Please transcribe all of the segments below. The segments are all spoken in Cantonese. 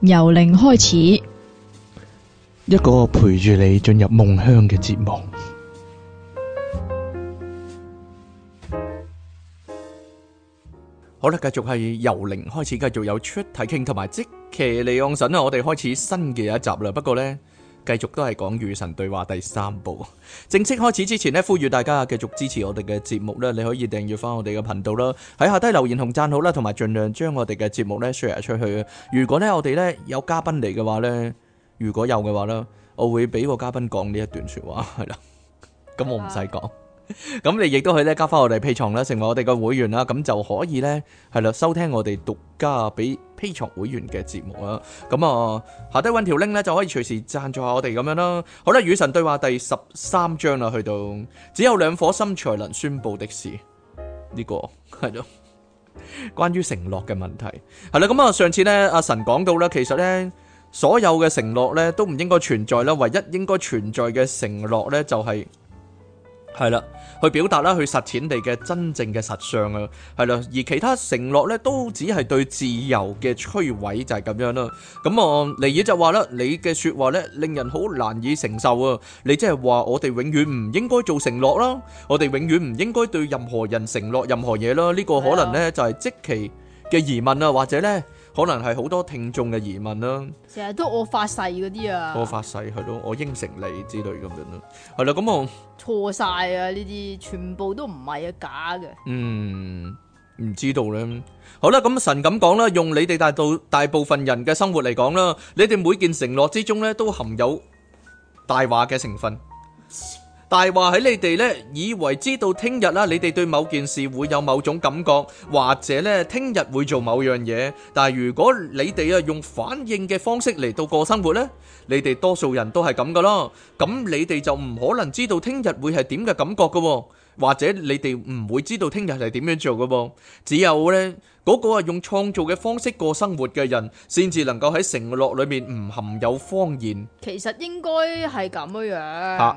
由零開始，一個陪住你進入夢鄉嘅節目。好啦，繼續係由零開始，繼續有出體傾，同埋即奇利用神啦，我哋開始新嘅一集啦。不過呢。繼續都係講與神對話第三部，正式開始之前咧，呼籲大家繼續支持我哋嘅節目咧，你可以訂閱翻我哋嘅頻道啦，喺下低留言同讚好啦，同埋盡量將我哋嘅節目咧 share 出去。如果呢，我哋呢有嘉賓嚟嘅話咧，如果有嘅話咧，我會俾個嘉賓講呢一段說話，係啦，咁的 我唔使講，咁 你亦都可以咧加翻我哋被床，啦，成為我哋嘅會員啦，咁就可以呢，係啦，收聽我哋獨家俾。Patreon 會員嘅節目啦，咁、嗯、啊，下低揾條 link 咧就可以隨時贊助下我哋咁樣啦。好啦，與神對話第十三章啦，去到只有兩顆心才能宣佈的事，呢、這個係咯， 關於承諾嘅問題。係啦，咁、嗯、啊，上次咧阿神講到啦，其實咧所有嘅承諾咧都唔應該存在啦，唯一應該存在嘅承諾咧就係、是。係啦，去表達啦，去實踐你嘅真正嘅實相啊，係啦，而其他承諾咧都只係對自由嘅摧毀，就係、是、咁樣啦。咁啊，尼爾就話啦，你嘅說，說話咧令人好難以承受啊，你即係話我哋永遠唔應該做承諾啦，我哋永遠唔應該對任何人承諾任何嘢啦，呢、這個可能咧就係、是、即期嘅疑問啊，或者咧。可能係好多聽眾嘅疑問啦，成日都我發誓嗰啲啊，我發誓係咯，我應承你之類咁樣咯，係啦，咁我錯晒啊！呢啲全部都唔係啊，假嘅。嗯，唔知道咧。好啦，咁神咁講啦，用你哋大部大部分人嘅生活嚟講啦，你哋每件承諾之中咧都含有大話嘅成分。大話喺你哋咧，以為知道聽日啦，你哋對某件事會有某種感覺，或者咧聽日會做某樣嘢。但係如果你哋啊用反應嘅方式嚟到過生活咧，你哋多數人都係咁噶咯。咁你哋就唔可能知道聽日會係點嘅感覺噶或者你哋唔會知道聽日係點樣做噶只有咧嗰個啊用創造嘅方式過生活嘅人，先至能夠喺承諾裏面唔含有謊言。其實應該係咁樣。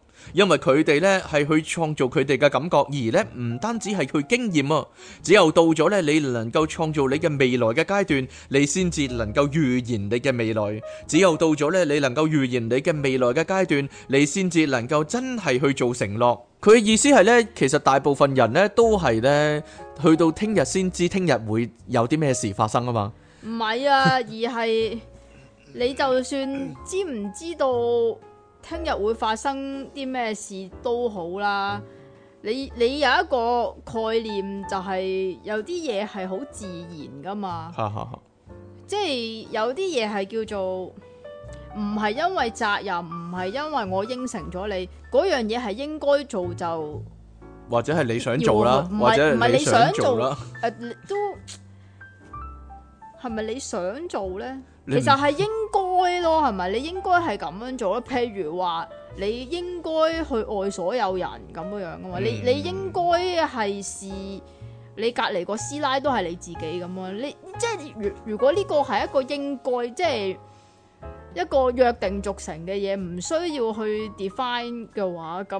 因為佢哋呢係去創造佢哋嘅感覺，而呢唔單止係佢經驗啊，只有到咗呢，你能夠創造你嘅未來嘅階段，你先至能夠預言你嘅未來。只有到咗呢，你能夠預言你嘅未來嘅階段，你先至能夠真係去做承諾。佢意思係呢，其實大部分人呢都係呢，去到聽日先知聽日會有啲咩事發生啊嘛。唔係啊， 而係你就算知唔知道。聽日會發生啲咩事都好啦，你你有一個概念就係有啲嘢係好自然噶嘛，即係有啲嘢係叫做唔係因為責任，唔係因為我應承咗你嗰樣嘢係應該做就，或者係你想做啦，或者唔係你想做啦，誒都係咪你想做呢？其實係應該咯，係咪？你應該係咁樣做咯。譬如話，你應該去愛所有人咁樣樣噶嘛。你、嗯、你應該係視你隔籬個師奶都係你自己咁樣。你即係如如果呢個係一個應該，即係一個約定俗成嘅嘢，唔需要去 define 嘅話，咁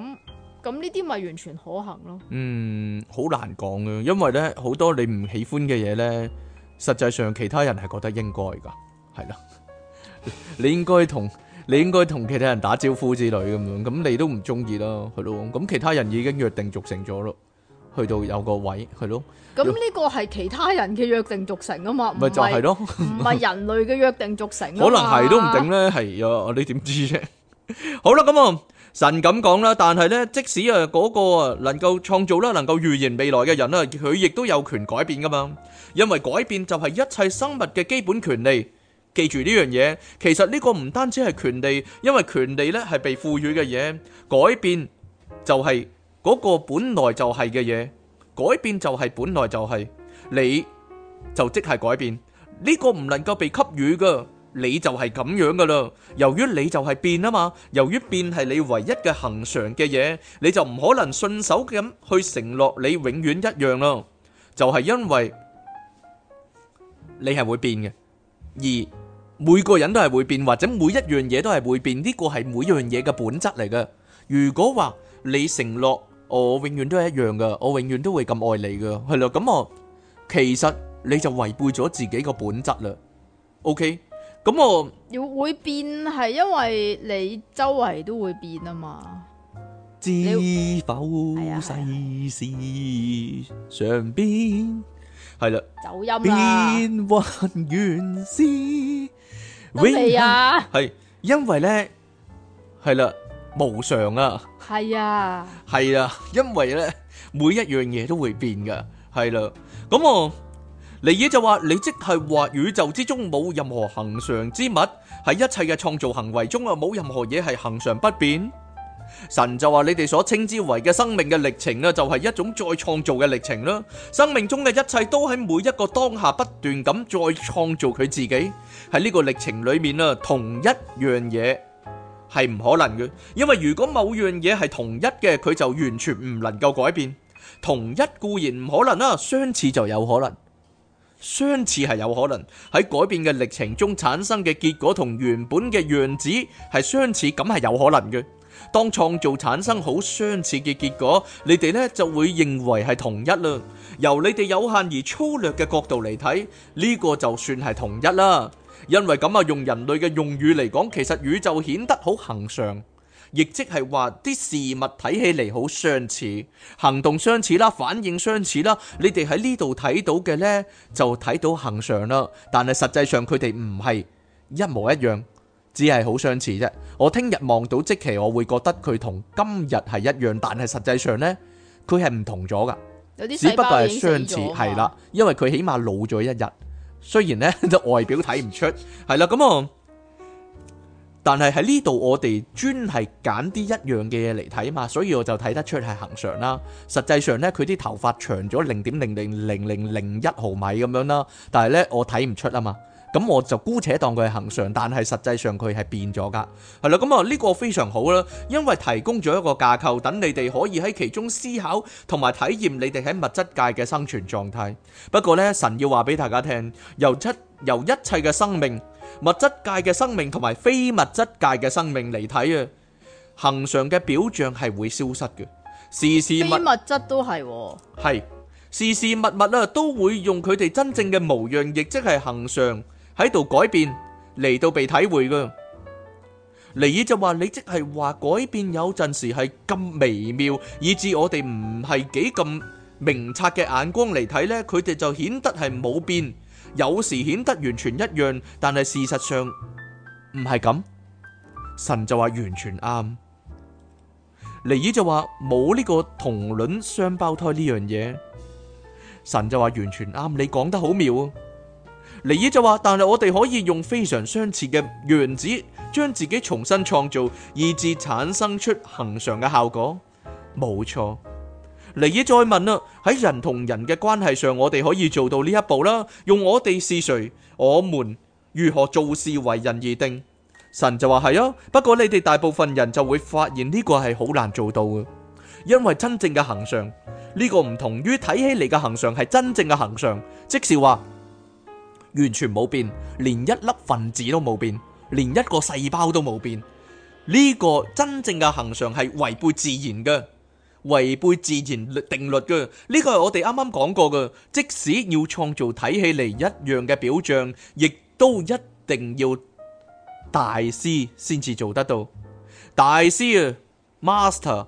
咁呢啲咪完全可行咯。嗯，好難講嘅，因為咧好多你唔喜歡嘅嘢咧，實際上其他人係覺得應該噶。係啦，你應該同你應該同其他人打招呼之類咁樣，咁你都唔中意啦，係咯？咁其他人已經約定俗成咗咯，去到有個位，係咯？咁呢個係其他人嘅約定俗成啊嘛，咪就係咯，唔係人類嘅約定俗成。可能係都唔定咧，係啊？你點知啫？好啦，咁啊，神咁講啦，但係咧，即使啊嗰個能夠創造啦，能夠預言未來嘅人啊，佢亦都有權改變噶嘛，因為改變就係一切生物嘅基本權利。記住呢樣嘢，其實呢個唔單止係權利，因為權利呢係被賦予嘅嘢。改變就係嗰個本來就係嘅嘢，改變就係本來就係，你就即係改變。呢個唔能夠被給予噶，你就係咁樣噶啦。由於你就係變啊嘛，由於變係你唯一嘅恒常嘅嘢，你就唔可能順手咁去承諾你永遠一樣啦。就係因為你係會變嘅，而。每個人都係會變，或者每一樣嘢都係會變，呢個係每樣嘢嘅本質嚟嘅。如果話你承諾我永遠都係一樣嘅，我永遠都會咁愛你嘅，係咯？咁我其實你就違背咗自己個本質啦。OK，咁我要會變係因為你周圍都會變啊嘛。知否世事常變？係啦，走音啊！變幻原是，得未啊？係因為咧，係啦，無常啊！係啊，係啊，因為咧，每一樣嘢都會變噶，係啦。咁我，你嘢就話，你即係話宇宙之中冇任何恆常之物，喺一切嘅創造行為中啊，冇任何嘢係恆常不變。神就話：你哋所稱之為嘅生命嘅歷程啊，就係一種再創造嘅歷程啦。生命中嘅一切都喺每一個當下不斷咁再創造佢自己。喺呢個歷程裏面啊，同一樣嘢係唔可能嘅，因為如果某樣嘢係同一嘅，佢就完全唔能夠改變。同一固然唔可能啦，相似就有可能。相似係有可能，喺改變嘅歷程中產生嘅結果同原本嘅樣子係相似，咁係有可能嘅。當創造產生好相似嘅結果，你哋呢就會認為係同一啦。由你哋有限而粗略嘅角度嚟睇，呢個就算係同一啦。因為咁啊，用人類嘅用語嚟講，其實宇宙顯得好恒常，亦即係話啲事物睇起嚟好相似，行動相似啦，反應相似啦。你哋喺呢度睇到嘅呢，就睇到恒常啦。但係實際上佢哋唔係一模一樣。只係好相似啫，我聽日望到即期，我會覺得佢同今日係一樣，但係實際上呢，佢係唔同咗噶。有啲細胞變咗。只不過係相似，係啦，因為佢起碼老咗一日，雖然呢就外表睇唔出，係啦， 咁、嗯、啊，但係喺呢度我哋專係揀啲一樣嘅嘢嚟睇嘛，所以我就睇得出係恆常啦。實際上呢，佢啲頭髮長咗零點零零零零零一毫米咁樣啦，但係呢，我睇唔出啊嘛。咁我就姑且當佢係恆常，但係實際上佢係變咗噶，係啦。咁啊，呢個非常好啦，因為提供咗一個架構，等你哋可以喺其中思考同埋體驗你哋喺物質界嘅生存狀態。不過咧，神要話俾大家聽，由出由一切嘅生命、物質界嘅生命同埋非物質界嘅生命嚟睇啊，恆常嘅表象係會消失嘅，事事物質都係係事事物物啊，都會用佢哋真正嘅模樣，亦即係恆常。喺度改變嚟到被體會嘅，尼爾就話：你即係話改變有陣時係咁微妙，以至我哋唔係幾咁明察嘅眼光嚟睇呢，佢哋就顯得係冇變，有時顯得完全一樣，但係事實上唔係咁。神就話完全啱，尼爾就話冇呢個同卵雙胞胎呢樣嘢，神就話完全啱，你講得好妙。尼爾就話：但係我哋可以用非常相似嘅原子，將自己重新創造，以至產生出恆常嘅效果。冇錯。尼爾再問啦：喺人同人嘅關係上，我哋可以做到呢一步啦？用我哋是誰？我們如何做事為人而定？神就話係啊，不過你哋大部分人就會發現呢個係好難做到嘅，因為真正嘅恆常，呢個唔同於睇起嚟嘅恆常，係真正嘅恆常，即是話。完全冇變，連一粒分子都冇變，連一個細胞都冇變。呢個真正嘅恆常係違背自然嘅，違背自然律定律嘅。呢個係我哋啱啱講過嘅。即使要創造睇起嚟一樣嘅表象，亦都一定要大師先至做得到。大師啊，Master。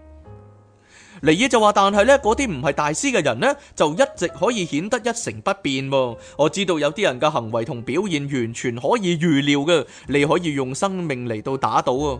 尼爾就話：但係咧，嗰啲唔係大師嘅人咧，就一直可以顯得一成不變喎，啊。我知道有啲人嘅行為同表現完全可以預料嘅，你可以用生命嚟到打賭啊！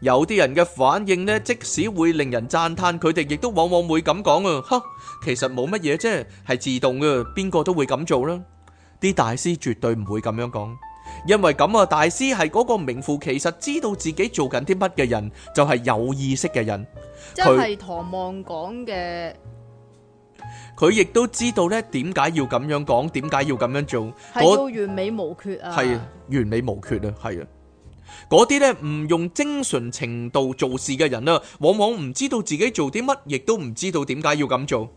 有啲人嘅反應咧，即使會令人讚嘆，佢哋亦都往往會咁講啊，哈，其實冇乜嘢啫，係自動嘅，邊個都會咁做啦。啲大師絕對唔會咁樣講，因為咁啊，大師係嗰個名副其實知道自己做緊啲乜嘅人，就係有意識嘅人。即係唐望講嘅，佢亦都知道咧點解要咁樣講，點解要咁樣做，係要完美無缺啊，係完美無缺啊，係啊。嗰啲咧，唔用精神程度做事嘅人啦，往往唔知道自己做啲乜，亦都唔知道點解要咁做。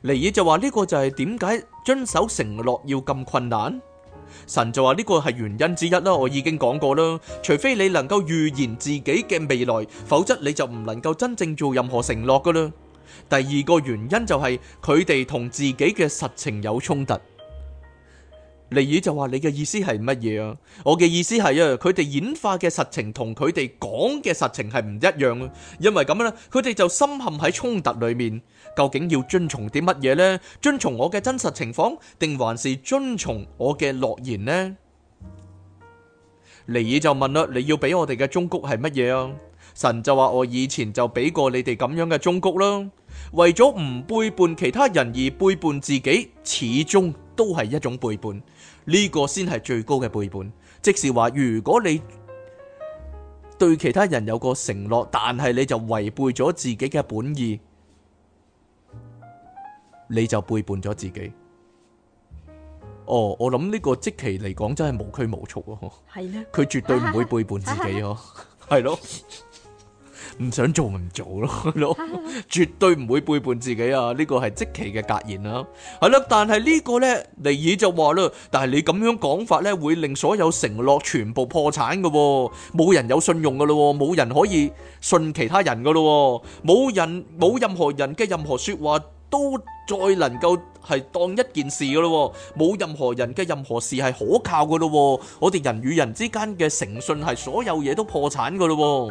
尼爾就話呢個就係點解遵守承諾要咁困難。神就話呢個係原因之一啦，我已經講過啦。除非你能夠預言自己嘅未來，否則你就唔能夠真正做任何承諾噶啦。第二個原因就係佢哋同自己嘅實情有衝突。尼爾就話：你嘅意思係乜嘢啊？我嘅意思係啊，佢哋演化嘅實情同佢哋講嘅實情係唔一樣咯。因為咁樣啦，佢哋就深陷喺衝突裏面，究竟要遵從啲乜嘢呢？遵從我嘅真實情況，定還是遵從我嘅諾言呢？尼爾就問啦：你要俾我哋嘅忠告係乜嘢啊？神就話：我以前就俾過你哋咁樣嘅忠告咯。為咗唔背叛其他人而背叛自己，始終都係一種背叛。呢個先係最高嘅背叛，即是話，如果你對其他人有個承諾，但係你就違背咗自己嘅本意，你就背叛咗自己。哦，我諗呢個即期嚟講真係無拘無束啊！佢的絕對唔會背叛自己呵，係咯。 唔想做咪唔做咯， 絕對唔會背叛自己啊！呢個係即期嘅格言啊，係咯。但係呢個呢，尼爾就話啦，但係你咁樣講法呢，會令所有承諾全部破產嘅喎，冇人有信用嘅咯，冇人可以信其他人嘅咯，冇人，冇任何人嘅任何說話都再能夠係當一件事嘅咯，冇任何人嘅任何事係可靠嘅咯，我哋人與人之間嘅誠信係所有嘢都破產嘅咯。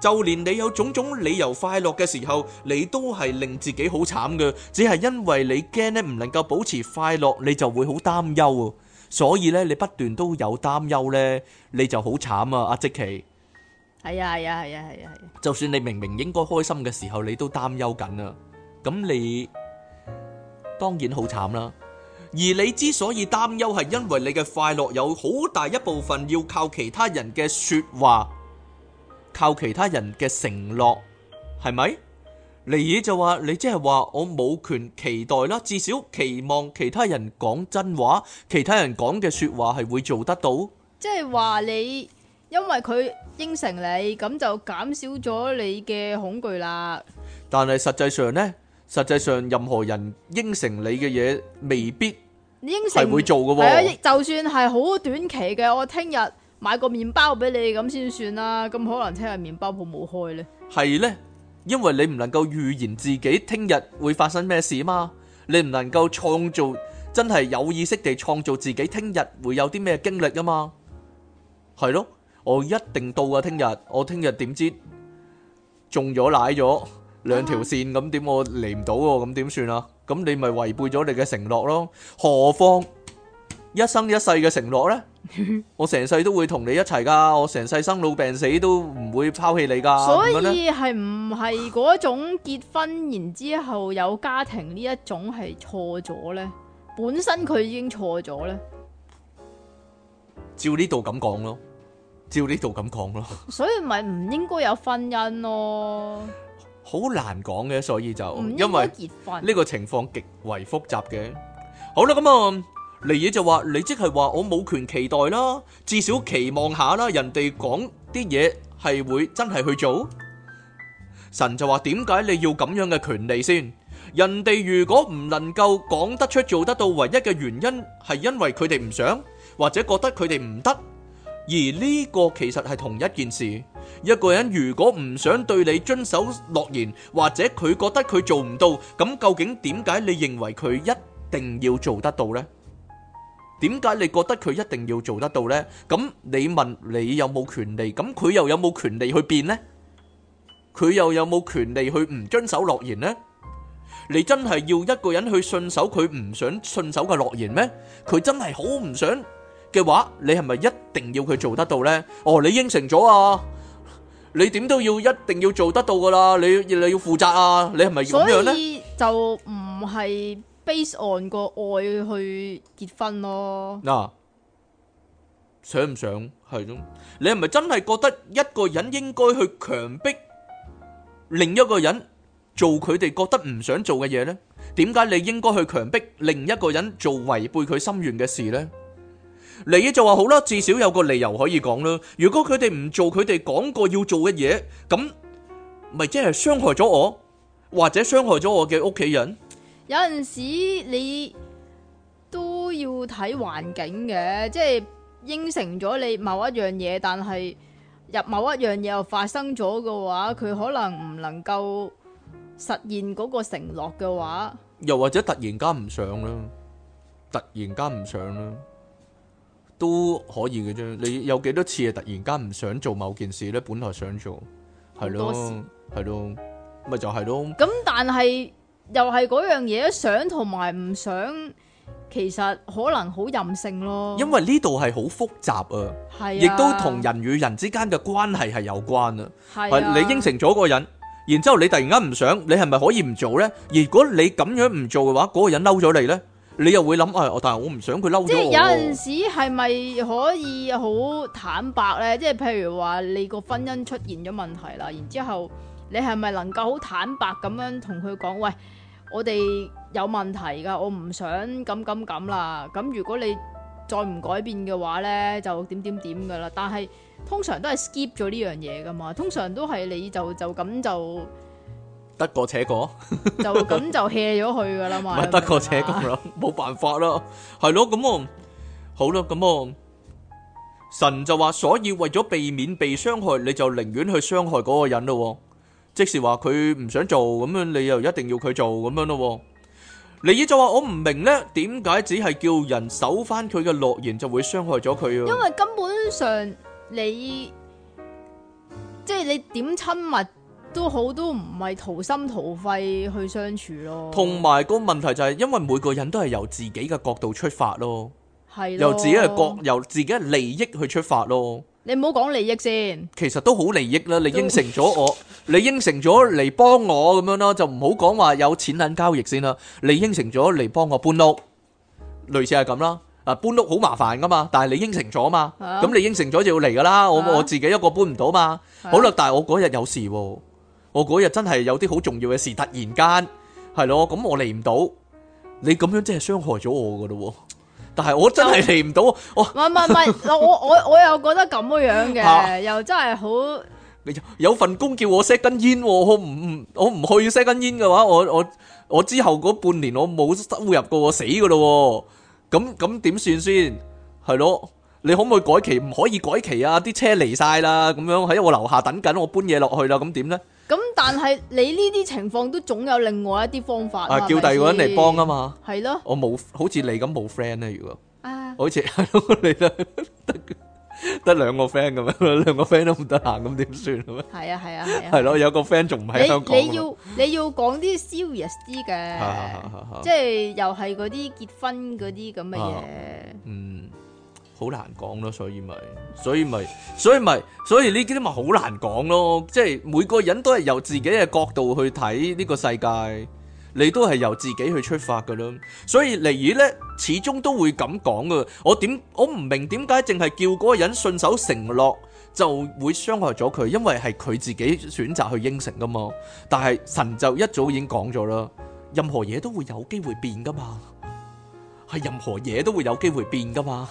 就連你有種種理由快樂嘅時候，你都係令自己好慘嘅，只係因為你驚咧唔能夠保持快樂，你就會好擔憂啊！所以咧，你不斷都有擔憂咧，你就好慘啊！阿即奇，係啊係啊係啊係啊係！就算你明明應該開心嘅時候，你都擔憂緊啊！咁你當然好慘啦。而你之所以擔憂，係因為你嘅快樂有好大一部分要靠其他人嘅說話。靠其他人嘅承諾係咪？尼爾就話，你即係話我冇權期待啦，至少期望其他人講真話，其他人講嘅說話係會做得到。即係話你因為佢應承你，咁就減少咗你嘅恐懼啦。但係實際上呢？實際上任何人應承你嘅嘢，未必應承係會做嘅。就算係好短期嘅，我聽日。買個麵包俾你咁先算啦，咁可能聽日麵包鋪冇開呢。係呢，因為你唔能夠預言自己聽日會發生咩事嘛，你唔能夠創造真係有意識地創造自己聽日會有啲咩經歷啊嘛。係咯，我一定到啊！聽日我聽日點知中咗奶咗兩條線咁點？我嚟唔到喎，咁點算啊？咁你咪違背咗你嘅承諾咯，何況？一生一世嘅承諾呢， 我成世都會同你一齊噶，我成世生老病死都唔會拋棄你噶。所以係唔係嗰種結婚 然之後有家庭呢一種係錯咗呢？本身佢已經錯咗呢？照呢度咁講咯，照呢度咁講咯。所以咪唔應該有婚姻咯？好 難講嘅，所以就唔應該結婚，因為呢個情況極為複雜嘅。好啦，咁啊。尼爾就話，你即係話我冇權期待啦，至少期望下啦。人哋講啲嘢係會真係去做，神就話點解你要咁樣嘅權利先？人哋如果唔能夠講得出做得到，唯一嘅原因係因為佢哋唔想，或者覺得佢哋唔得。而呢個其實係同一件事。一個人如果唔想對你遵守諾言，或者佢覺得佢做唔到，咁究竟點解你認為佢一定要做得到呢？點解你覺得佢一定要做得到咧？咁你問，你有冇權利？咁佢又有冇權利去變咧？佢又有冇權利去唔遵守諾言咧？你真係要一個人去信守佢唔想信守嘅諾言咩？佢真係好唔想嘅話，你係咪一定要佢做得到咧？哦，你應承咗啊！你點都要一定要做得到噶啦！你你要負責啊！你係咪要咁樣咧？所以就唔係。base on 個愛去結婚咯，嗱想唔想係咯？你係咪真係覺得一個人應該去強迫另一個人做佢哋覺得唔想做嘅嘢呢？點解你應該去強迫另一個人做違背佢心願嘅事呢？你就話好啦，至少有個理由可以講啦。如果佢哋唔做佢哋講過要做嘅嘢，咁咪即係傷害咗我，或者傷害咗我嘅屋企人？有陣時你都要睇環境嘅，即係應承咗你某一樣嘢，但係入某一樣嘢又發生咗嘅話，佢可能唔能夠實現嗰個承諾嘅話，又或者突然間唔想啦，突然間唔想啦，都可以嘅啫。你有幾多次係突然間唔想做某件事咧？本來想做，係咯，係咯，咪就係咯。咁但係。又係嗰樣嘢，想同埋唔想，其實可能好任性咯。因為呢度係好複雜啊，係，亦都同人與人之間嘅關係係有關啊。係，你應承咗嗰個人，然之後你突然間唔想，你係咪可以唔做呢？如果你咁樣唔做嘅話，嗰個人嬲咗你呢，你又會諗啊？但係我唔想佢嬲咗。即係有陣時係咪可以好坦白呢？即係譬如話你個婚姻出現咗問題啦，然之後你係咪能夠好坦白咁樣同佢講？喂！我哋有問題噶，我唔想咁咁咁啦。咁如果你再唔改變嘅話呢，就點點點噶啦。但係通常都係 skip 咗呢樣嘢噶嘛，通常都係你就就咁就得過且過，就咁就卸咗佢噶啦嘛，得過且過啦，冇辦法啦，係咯，咁啊，好啦，咁啊，神就話，所以為咗避免被傷害，你就寧願去傷害嗰個人咯。即係話佢唔想做咁樣，你又一定要佢做咁樣咯？尼爾就話：我唔明咧，點解只係叫人守翻佢嘅諾言就會傷害咗佢啊？因為根本上你即係、就是、你點親密都好，都唔係掏心掏肺去相處咯。同埋個問題就係，因為每個人都係由自己嘅角度出發咯，的由自己嘅角，由自己嘅利益去出發咯。你唔好講利益先，其實都好利益啦。你應承咗我，你應承咗嚟幫我咁樣咯，就唔好講話有錢銀交易先啦。你應承咗嚟幫我搬屋，類似係咁啦。啊，搬屋好麻煩噶嘛，但係你應承咗嘛，咁、啊、你應承咗就要嚟噶啦。我、啊、我自己一個搬唔到嘛，好啦，但係我嗰日有事、啊，我嗰日真係有啲好重要嘅事，突然間係咯，咁我嚟唔到，你咁樣真係傷害咗我噶咯、啊。但係我真係嚟唔到，我唔唔唔，嗱我我我又覺得咁樣嘅，又真係好有份工叫我熄根煙，我唔唔我唔去要熄根煙嘅話，我我我之後嗰半年我冇收入嘅，我死噶啦，咁咁點算先？係咯，你可唔可以改期？唔可以改期啊！啲車嚟晒啦，咁樣喺我樓下等緊，我搬嘢落去啦，咁點咧？咁但係你呢啲情況都總有另外一啲方法啊！叫第二個人嚟幫啊嘛，係咯，我冇好似你咁冇 friend 啊，如果啊，好似係咯，你得得兩個 friend 咁樣，兩個 friend 都唔得閒咁點算啊？咩？係啊係啊係啊！係咯，有個 friend 仲唔係喺度講，你要你要講啲 serious 啲嘅，即係又係嗰啲結婚嗰啲咁嘅嘢，嗯。好難講咯，所以咪，所以咪，所以咪，所以呢啲咪好難講咯。即係每個人都係由自己嘅角度去睇呢個世界，你都係由自己去出發噶啦。所以尼爾咧始終都會咁講噶。我點我唔明點解淨係叫嗰個人信守承諾就會傷害咗佢，因為係佢自己選擇去應承噶嘛。但係神就一早已經講咗啦，任何嘢都會有機會變噶嘛，係任何嘢都會有機會變噶嘛。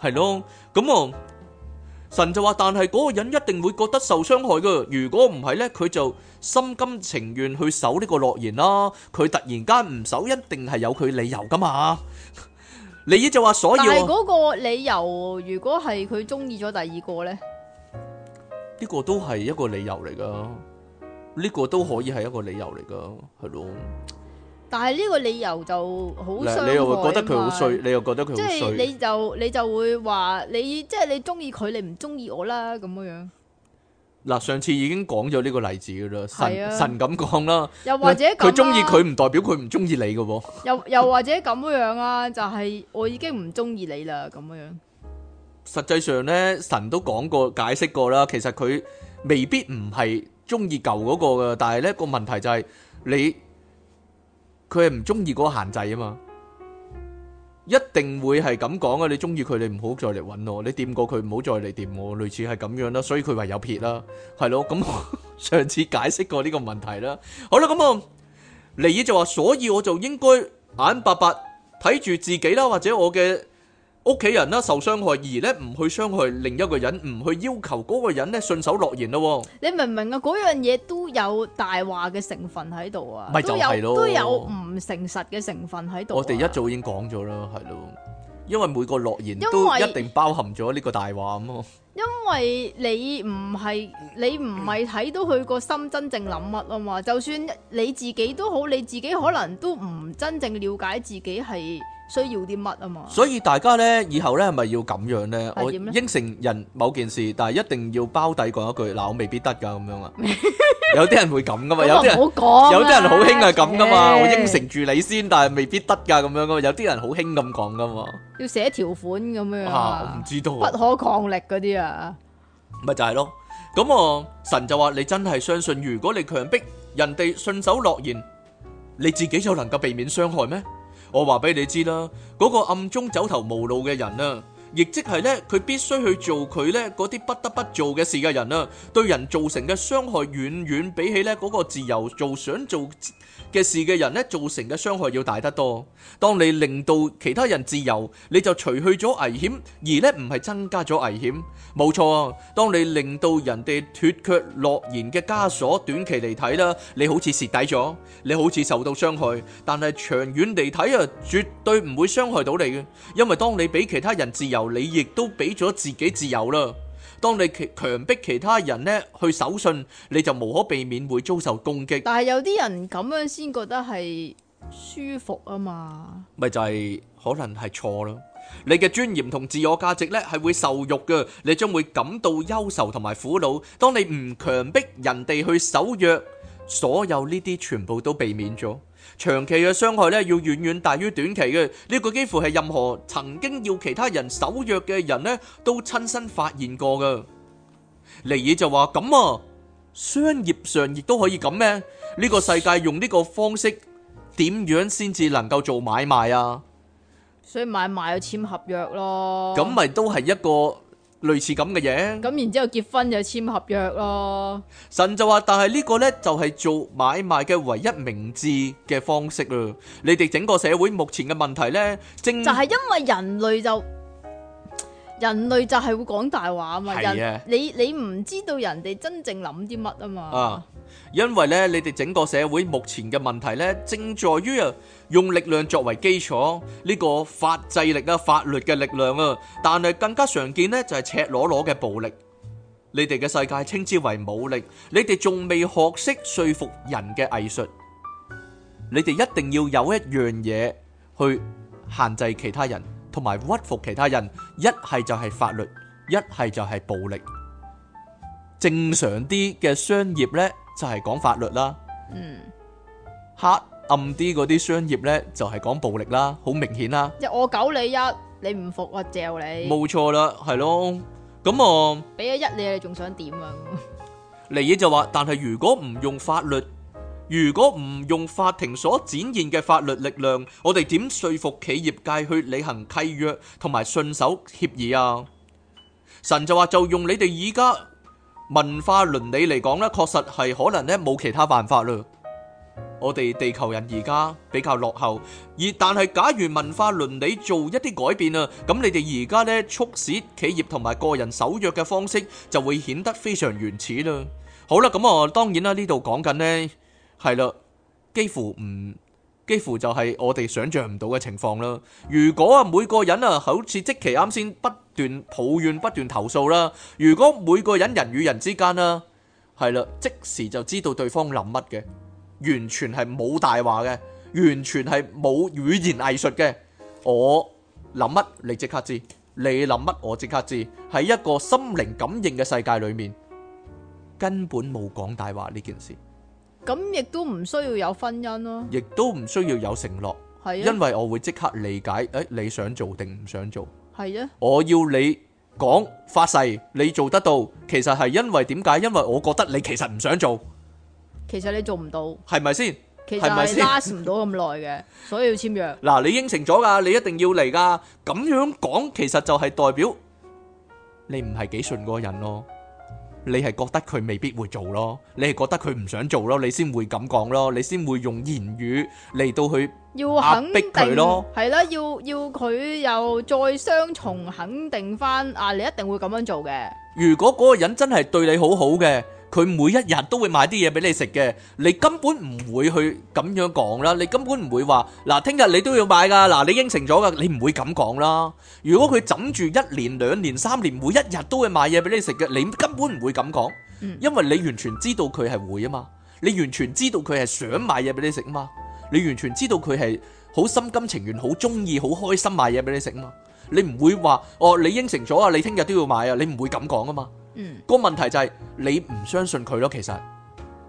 係咯，咁啊，神就話，但係嗰個人一定會覺得受傷害噶。如果唔係呢，佢就心甘情願去守呢個諾言啦。佢突然間唔守，一定係有佢理由噶嘛。 你依就話，所以嗰個理由，如果係佢中意咗第二個呢，呢個都係一個理由嚟噶。呢、呢個都可以係一個理由嚟噶，係咯。但係呢個理由就好傷害啊嘛！你又覺得佢好衰，你又覺得佢好衰，即係你就你就會話你，即係你中意佢，你唔中意我啦咁樣樣。嗱，上次已經講咗呢個例子噶啦，神神咁講啦，又或者佢中意佢唔代表佢唔中意你噶喎。又又或者咁樣樣啊？就係我已經唔中意你啦咁樣樣。實際上咧，神都講過解釋過啦，其實佢未必唔係中意舊嗰個噶，但係咧個問題就係你。佢係唔中意嗰個限制啊嘛，一定會係咁講啊！你中意佢，你唔好再嚟揾我，你掂過佢，唔好再嚟掂我，類似係咁樣啦。所以佢話有撇啦，係咯。咁我上次解釋過呢個問題啦。好啦，咁啊，尼爾就話，所以我就應該眼白白睇住自己啦，或者我嘅。屋企人啦受傷害，而咧唔去傷害另一個人，唔去要求嗰個人咧信守諾言咯。你明唔明啊？嗰樣嘢都有大話嘅成分喺度啊，都有都有唔誠實嘅成分喺度。我哋一早已經講咗啦，係咯，因為每個諾言都一定包含咗呢個大話咁啊。因為你唔係你唔係睇到佢個心真正諗乜啊嘛，就算你自己都好，你自己可能都唔真正了解自己係。需要啲乜啊嘛？所以大家咧，以後咧係咪要咁樣咧？我應承人某件事，但係一定要包底講一句，嗱我未必得噶咁樣啊。有啲人會咁噶嘛？有啲人好講，有啲人好興係咁噶嘛？我應承住你先，但係未必得噶咁樣噶嘛？有啲人好興咁講噶嘛？要寫條款咁樣啊？唔知道不可抗力嗰啲啊？咪就係咯。咁啊，神就話你真係相信，如果你強迫人哋信守諾言，你自己就能夠避免傷害咩？我話俾你知啦，嗰、那個暗中走投無路嘅人啦、啊。亦即係咧，佢必須去做佢咧嗰啲不得不做嘅事嘅人啊，對人造成嘅傷害遠遠比起咧嗰個自由做想做嘅事嘅人咧造成嘅傷害要大得多。當你令到其他人自由，你就除去咗危險，而咧唔係增加咗危險。冇錯啊，當你令到人哋脫卻諾言嘅枷鎖，短期嚟睇啦，你好似蝕底咗，你好似受到傷害，但係長遠嚟睇啊，絕對唔會傷害到你嘅，因為當你俾其他人自由。你亦都俾咗自己自由啦。當你強逼其他人呢去守信，你就無可避免會遭受攻擊。但係有啲人咁樣先覺得係舒服啊嘛。咪就係可能係錯咯。你嘅尊嚴同自我價值呢係會受辱嘅。你將會感到憂愁同埋苦惱。當你唔強逼人哋去守約，所有呢啲全部都避免咗。長期嘅傷害咧，要遠遠大於短期嘅。呢個幾乎係任何曾經要其他人守約嘅人呢都親身發現過嘅。尼爾就話：咁啊，商業上亦都可以咁咩？呢個世界用呢個方式點樣先至能夠做買賣啊？所以買賣要簽合約咯。咁咪都係一個類似咁嘅嘢，咁然之後結婚就簽合約咯。神就話，但係呢個呢就係做買賣嘅唯一明智嘅方式啦。你哋整個社會目前嘅問題呢，正就係因為人類就人類就係會講大話啊嘛。係啊，你你唔知道人哋真正諗啲乜啊嘛。啊，因為呢，你哋整個社會目前嘅問題呢，正在於啊。用力量作為基礎，呢個法制力啊，法律嘅力量啊，但係更加常見呢就係赤裸裸嘅暴力。你哋嘅世界稱之為武力，你哋仲未學識說服人嘅藝術。你哋一定要有一樣嘢去限制其他人同埋屈服其他人，一係就係法律，一係就係暴力。正常啲嘅商業呢就係講法律啦。嗯，吓。暗啲嗰啲商業咧就係講暴力啦，好明顯啦。我九你一，你唔服我嚼你。冇錯啦，係咯。咁啊，俾咗一你，你仲想點啊？嚟嘢就話，但係如果唔用法律，如果唔用法庭所展現嘅法律力量，我哋點說服企業界去履行契約同埋信守協議啊？神就話，就用你哋而家文化倫理嚟講咧，確實係可能咧冇其他辦法嘞。我哋地球人而家比較落後，而但係假如文化倫理做一啲改變啊，咁你哋而家呢，促使企業同埋個人守約嘅方式就會顯得非常原始啦。好啦，咁啊，當然啦，呢度講緊呢係啦，幾乎唔，幾乎就係我哋想象唔到嘅情況啦。如果啊，每個人啊，好似即期啱先不斷抱怨，不斷投訴啦，如果每個人人與人之間啦，係啦，即時就知道對方諗乜嘅。完全係冇大話嘅，完全係冇語言藝術嘅。我諗乜你即刻知，你諗乜我即刻知，喺一個心靈感應嘅世界裏面，根本冇講大話呢件事。咁亦都唔需要有婚姻咯，亦都唔需要有承諾，係因為我會即刻理解誒，你想做定唔想做？係啊，我要你講發誓你做得到，其實係因為點解？因為我覺得你其實唔想做。其實你做唔到，係咪先？其實係 last 唔到咁耐嘅，所以要簽約。嗱，你應承咗噶，你一定要嚟噶。咁樣講，其實就係代表你唔係幾信嗰個人咯。你係覺得佢未必會做咯，你係覺得佢唔想做咯，你先會咁講咯，你先會用言語嚟到去壓逼佢咯。係啦，要要佢又再雙重肯定翻啊！你一定會咁樣做嘅。如果嗰個人真係對你好好嘅。佢每一日都會買啲嘢俾你食嘅，你根本唔會去咁樣講啦。你根本唔會話，嗱，聽日你都要買噶，嗱，你應承咗噶，你唔會咁講啦。如果佢枕住一年、兩年、三年，每一日都會買嘢俾你食嘅，你根本唔會咁講，因為你完全知道佢係會啊嘛，你完全知道佢係想買嘢俾你食啊嘛，你完全知道佢係好心甘情願、好中意、好開心買嘢俾你食啊嘛，你唔會話，哦，你應承咗啊，你聽日都要買啊，你唔會咁講啊嘛。個、嗯、問題就係、是、你唔相信佢咯，其實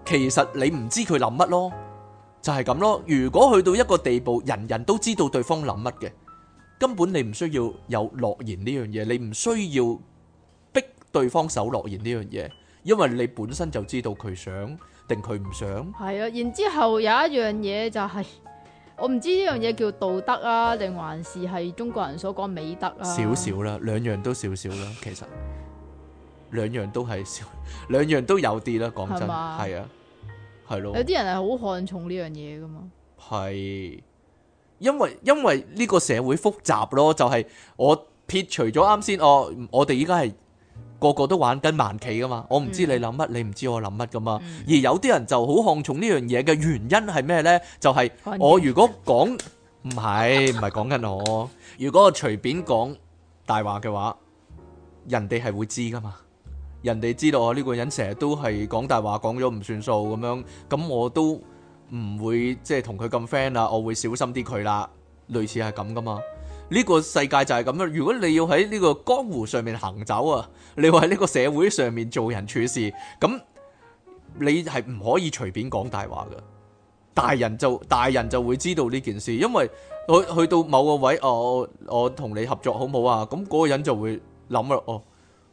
其實你唔知佢諗乜咯，就係咁咯。如果去到一個地步，人人都知道對方諗乜嘅，根本你唔需要有諾言呢樣嘢，你唔需要逼對方守諾言呢樣嘢，因為你本身就知道佢想定佢唔想。係啊，然之後有一樣嘢就係、是，我唔知呢樣嘢叫道德啊，定還是係中國人所講美德啊？少少啦，兩樣都少少啦，其實。兩樣都係兩樣都有啲啦。講真，係吧啊，係咯。有啲人係好看重呢樣嘢噶嘛？係，因為因為呢個社會複雜咯，就係、是、我撇除咗啱先，我我哋依家係個個都玩緊盲棋噶嘛。我唔知你諗乜，嗯、你唔知我諗乜噶嘛。嗯、而有啲人就好看重呢樣嘢嘅原因係咩呢？就係、是、我如果講唔係唔係講緊我， 如果我隨便講大話嘅話，人哋係會知噶嘛？人哋知道我呢個人成日都係講大話，講咗唔算數咁樣，咁我都唔會即係同佢咁 friend 啦，我會小心啲佢啦，類似係咁噶嘛。呢個世界就係咁樣。如果你要喺呢個江湖上面行走啊，你話喺呢個社會上面做人處事，咁你係唔可以隨便講大話嘅。大人就大人就會知道呢件事，因為去去到某個位，哦，我同你合作好唔好啊？咁嗰個人就會諗啦，哦，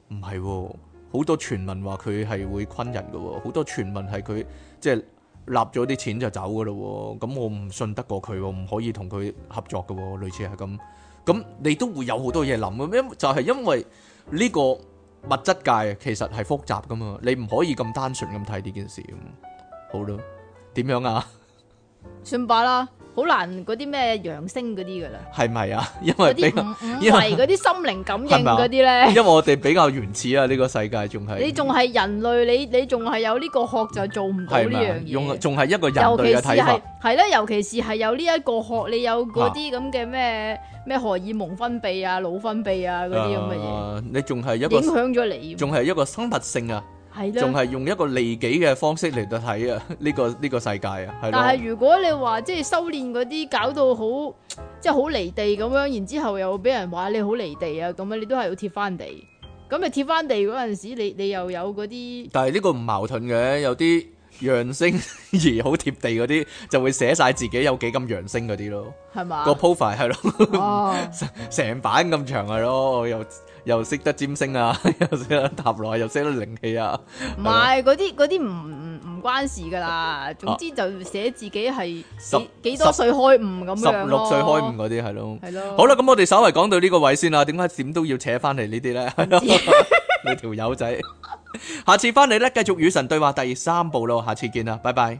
唔係喎。好多傳聞話佢係會昆人嘅喎，好多傳聞係佢即係立咗啲錢就走嘅咯喎，咁我唔信得過佢喎，唔可以同佢合作嘅喎，類似係咁。咁你都會有好多嘢諗嘅，因就係因為呢個物質界其實係複雜嘅嘛，你唔可以咁單純咁睇呢件事咁。好啦，點樣啊？算罷啦。好難嗰啲咩揚聲嗰啲噶啦，係咪啊？因為比較，因為嗰啲心靈感應嗰啲咧，因為我哋比較原始啊，呢 個世界仲係你仲係人類，你你仲係有呢個殼就做唔到呢樣嘢，用仲係一個人類嘅睇法，尤其是，係啦、啊，尤其是係有呢一個殼，你有嗰啲咁嘅咩咩荷爾蒙分泌啊、腦分泌啊嗰啲咁嘅嘢，你仲係一個影響咗你，仲係一個生物性啊。係仲係用一個利己嘅方式嚟到睇啊呢個呢個世界啊。但係如果你話即係修煉嗰啲搞到好即係好離地咁樣，然之後又俾人話你好離地啊咁啊，你都係要貼翻地。咁你貼翻地嗰陣時你，你你又有嗰啲。但係呢個唔矛盾嘅，有啲揚升而好貼地嗰啲，就會寫晒自己有幾咁揚升嗰啲咯，係嘛嗎？個 profile 係咯，成成哇 版咁長嘅咯，又。又識得占星啊，又識得塔羅，又識得靈氣啊，唔係嗰啲嗰啲，唔唔關事噶啦，啊、總之就寫自己係十幾多歲開悟咁樣，啊，十六歲開悟嗰啲係咯，係咯，好啦，咁我哋稍微講到呢個位先啦，點解點都要扯翻嚟呢啲咧？你條友仔， 下次翻嚟咧，繼續與神對話第三部啦，下次見啦，拜拜。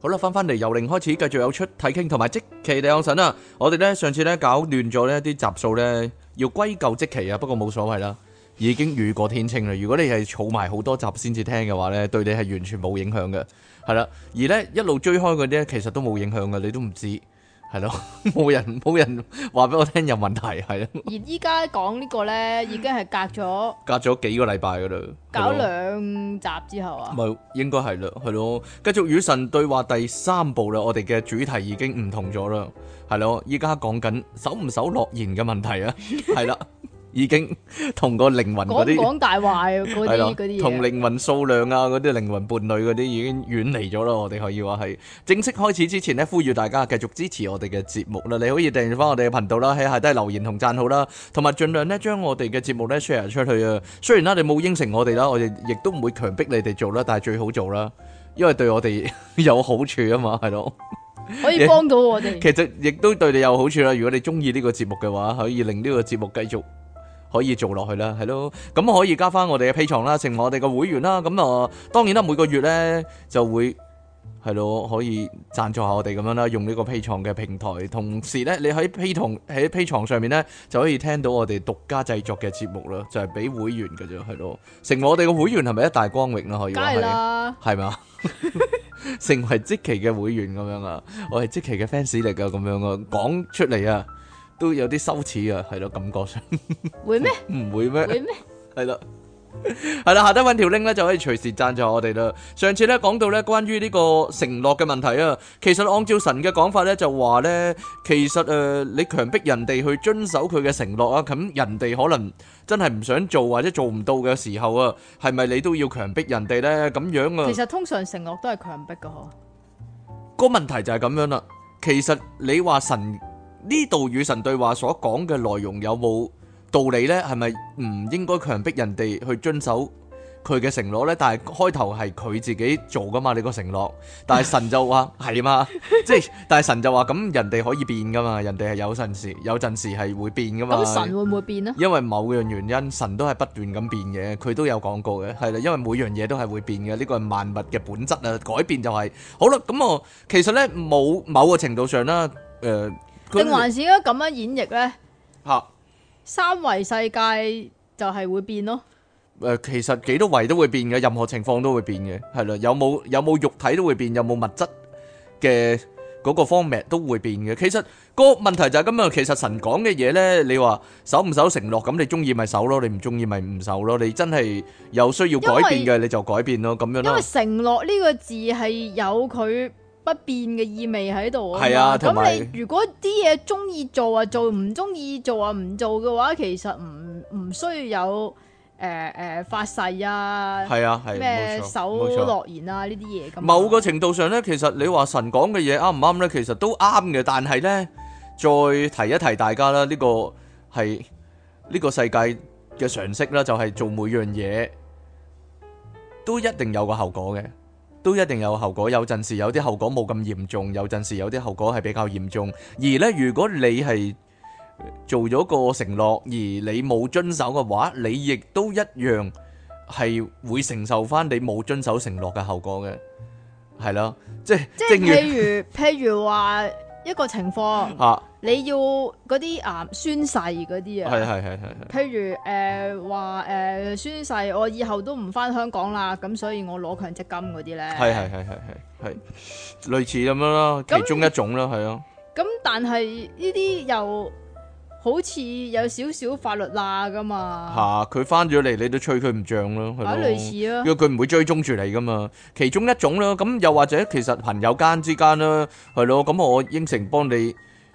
好啦，翻翻嚟由零開始，繼續有出睇傾，同埋積期定盎神啊！我哋咧上次咧搞亂咗呢啲集數呢，要歸咎積期啊，不過冇所謂啦，已經雨過天青啦。如果你係儲埋好多集先至聽嘅話呢，對你係完全冇影響嘅，係啦。而呢一路追開嗰啲咧，其實都冇影響嘅，你都唔知。係咯，冇人冇人話俾我聽有問題，係咯。而依家講呢個咧，已經係隔咗隔咗幾個禮拜噶啦，搞兩集之後啊，唔係，應該係啦，係咯。繼續與神對話第三部啦，我哋嘅主題已經唔同咗啦，係咯。依家講緊守唔守諾言嘅問題啊，係啦。 已經同個靈魂嗰啲講大話啊，嗰啲嗰啲嘢同靈魂數量啊，嗰啲靈魂伴侶嗰啲已經遠離咗咯。我哋可以話係正式開始之前呢，呼籲大家繼續支持我哋嘅節目啦。你可以訂閱翻我哋嘅頻道啦，喺下低留言同讚好啦，同埋盡量呢將我哋嘅節目咧 share 出去啊。雖然、啊、啦，你冇應承我哋啦，我哋亦都唔會強迫你哋做啦，但係最好做啦，因為對我哋有好處啊嘛，係咯，可以幫到我哋。 其實亦都對你有好處啦。如果你中意呢個節目嘅話，可以令呢個節目繼續。可以做落去啦，係咯，咁可以加翻我哋嘅 P 床啦，成為我哋嘅會員啦，咁啊、呃，當然啦，每個月咧就會係咯，可以贊助下我哋咁樣啦，用呢個 P 床嘅平台，同時咧，你喺 P 床喺 P 床上面咧就可以聽到我哋獨家製作嘅節目啦，就係、是、俾會員嘅啫，係咯，成為我哋嘅會員係咪一大光榮啦？可以，梗係啦，係嘛是嗎， 成為 j i 嘅會員咁樣啊，我係 j i 嘅 fans 嚟噶，咁樣啊，講出嚟啊！都有啲羞恥啊，係咯，感覺上會咩？唔會咩？會咩？係啦，係啦，下底搵條 link 咧就可以隨時贊助我哋啦。上次咧講到咧關於呢個承諾嘅問題啊，其實按照神嘅講法咧就話咧，其實誒你強逼人哋去遵守佢嘅承諾啊，咁人哋可能真係唔想做或者做唔到嘅時候啊，係咪你都要強逼人哋咧咁樣啊？其實通常承諾都係強逼嘅嗬。個問題就係咁樣啦，其實你話神。呢度與神對話所講嘅內容有冇道理呢？係咪唔應該強迫人哋去遵守佢嘅承諾呢？但係開頭係佢自己做噶嘛，你、這個承諾。但係神就話係嘛，即係但係神就話咁人哋可以變噶嘛，人哋係有陣時有陣時係會變噶嘛。咁神會唔會變呢？因為某樣原因，神都係不斷咁變嘅，佢都有講過嘅，係啦。因為每樣嘢都係會變嘅，呢、這個係萬物嘅本質啊，改變就係、是、好啦。咁、嗯、我其實呢，冇某個程度上啦，誒、呃。定還是應該咁樣演繹咧？吓，三維世界就係會變咯。誒，其實幾多維都會變嘅，任何情況都會變嘅，係啦。有冇有冇肉體都會變，有冇物質嘅嗰個方面都會變嘅。其實個問題就係咁樣，其實神講嘅嘢咧，你話守唔守承諾？咁你中意咪守咯，你唔中意咪唔守咯。你真係有需要改變嘅，你就改變咯，咁樣咯。因為承諾呢個字係有佢。不變嘅意味喺度啊！咁你如果啲嘢，中意做啊，做唔中意做啊，唔做嘅話，其實唔唔需要有誒誒、呃呃、發誓啊，係啊，咩、啊、守諾言啊呢啲嘢咁。某個程度上咧，其實你話神講嘅嘢啱唔啱咧，其實都啱嘅。但係咧，再提一提大家啦，呢個係呢個世界嘅常識啦，就係做每樣嘢都一定有個後果嘅。都一定有後果，有陣時有啲後果冇咁嚴重，有陣時有啲後果係比較嚴重。而呢，如果你係做咗個承諾，而你冇遵守嘅話，你亦都一樣係會承受返你冇遵守承諾嘅後果嘅。係咯，即係正如譬如譬如話，一個情況，啊、你要嗰啲啊宣誓嗰啲啊，係係係係係。譬如誒話誒宣誓，我以後都唔翻香港啦，咁所以我攞強積金嗰啲咧，係係係係係係，類似咁樣咯，其中一種咯，係咯那。咁但係呢啲又～好似有少少法律罅噶嘛，吓，佢翻咗嚟，你都吹佢唔漲咯，係咯，啦因為佢唔會追蹤住你噶嘛，其中一種咯，咁又或者其實朋友間之間啦。係咯，咁我應承幫你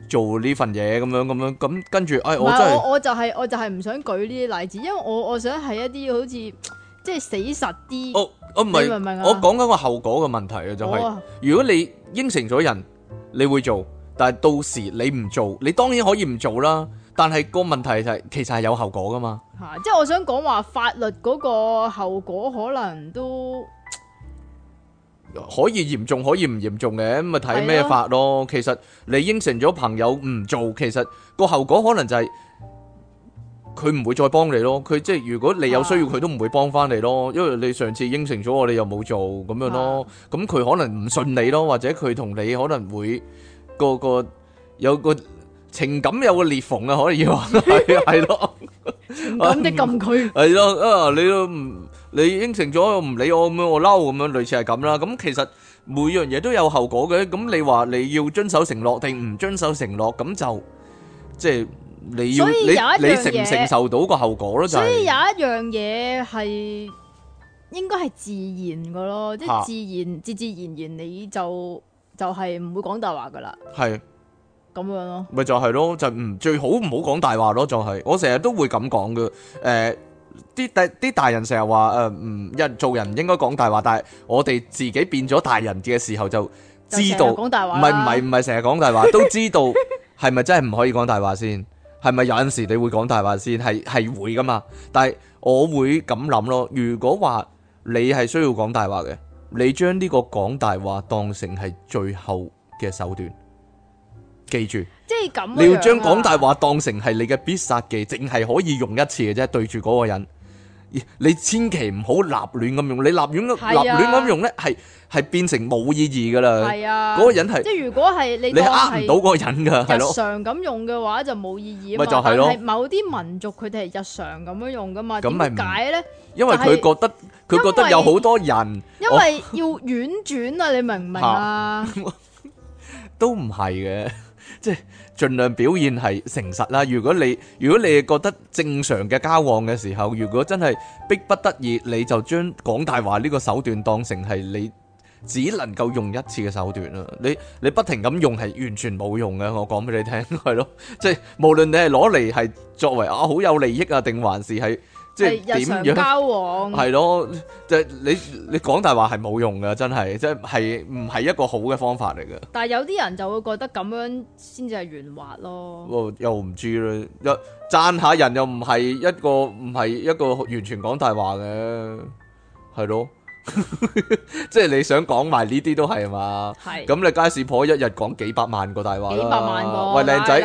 做呢份嘢咁樣咁樣，咁跟住，哎，不我真係，我就係、是、我就係唔想舉呢啲例子，因為我我想係一啲好似即係死實啲，哦，哦唔係，明唔明啊？我講緊個後果嘅問題啊，就係、是 oh. 如果你應承咗人你會做，但係到時你唔做，你當然可以唔做啦。但係個問題就係，其實係有效果噶嘛？吓，即係我想講話法律嗰個後果可能都可以嚴重，可以唔嚴重嘅，咁咪睇咩法咯。其實你應承咗朋友唔做，其實個後果可能就係佢唔會再幫你咯。佢即係如果你有需要，佢都唔會幫翻你咯，因為你上次應承咗我，你又冇做咁樣咯。咁佢可能唔信你咯，或者佢同你可能會個個有個。情感有個裂縫啊，可以話係係咯，咁你禁佢係咯啊！你唔你應承咗唔理我咁樣，我嬲咁樣，類似係咁啦。咁其實每樣嘢都有後果嘅。咁你話你要遵守承諾定唔遵守承諾，咁就即係你要你你承唔承受到個後果咯。所以有一樣嘢係應該係自然噶咯，即係自然，自自然然你就就係唔會講大話噶啦。係。咁樣咯，咪就係咯，就唔最好唔好講大話咯。就係、是、我成日都會咁講嘅。誒、呃，啲大啲大人成日話誒、唔、呃、人做人唔應該講大話，但係我哋自己變咗大人嘅時候，就知道講大話。唔係唔係唔係成日講大話， 都知道係咪真係唔可以講大話先？係咪 有陣時你會講大話先？係係會噶嘛？但係我會咁諗咯。如果話你係需要講大話嘅，你將呢個講大話當成係最後嘅手段。記住，即係咁。你要將講大話當成係你嘅必殺技，淨係可以用一次嘅啫。對住嗰個人，你千祈唔好立亂咁用。你立亂咁立亂咁用咧，係係變成冇意義噶啦。係啊，嗰個人係即係如果係你你呃唔到嗰個人噶，係咯？常咁用嘅話就冇意義咪就係咯，係某啲民族佢哋係日常咁樣用噶嘛？咁點解咧？因為佢覺得佢覺得有好多人，因為要婉轉啊！你明唔明啊？都唔係嘅。即係盡量表現係誠實啦。如果你如果你係覺得正常嘅交往嘅時候，如果真係逼不得已，你就將講大話呢個手段當成係你只能夠用一次嘅手段啦。你你不停咁用係完全冇用嘅。我講俾你聽，係咯，即係無論你係攞嚟係作為啊好有利益啊，定還是係。即係日常交往，係咯，就係，你你講大話係冇用嘅，真係，即係係唔係一個好嘅方法嚟嘅。但係有啲人就會覺得咁樣先至係圓滑咯。又唔知啦，讚下人又唔係一個唔係一個完全講大話嘅，係咯。 即係你想講埋呢啲都係嘛？係咁是，你街市婆一日講幾百萬個大話？幾百萬個？喂，靚仔，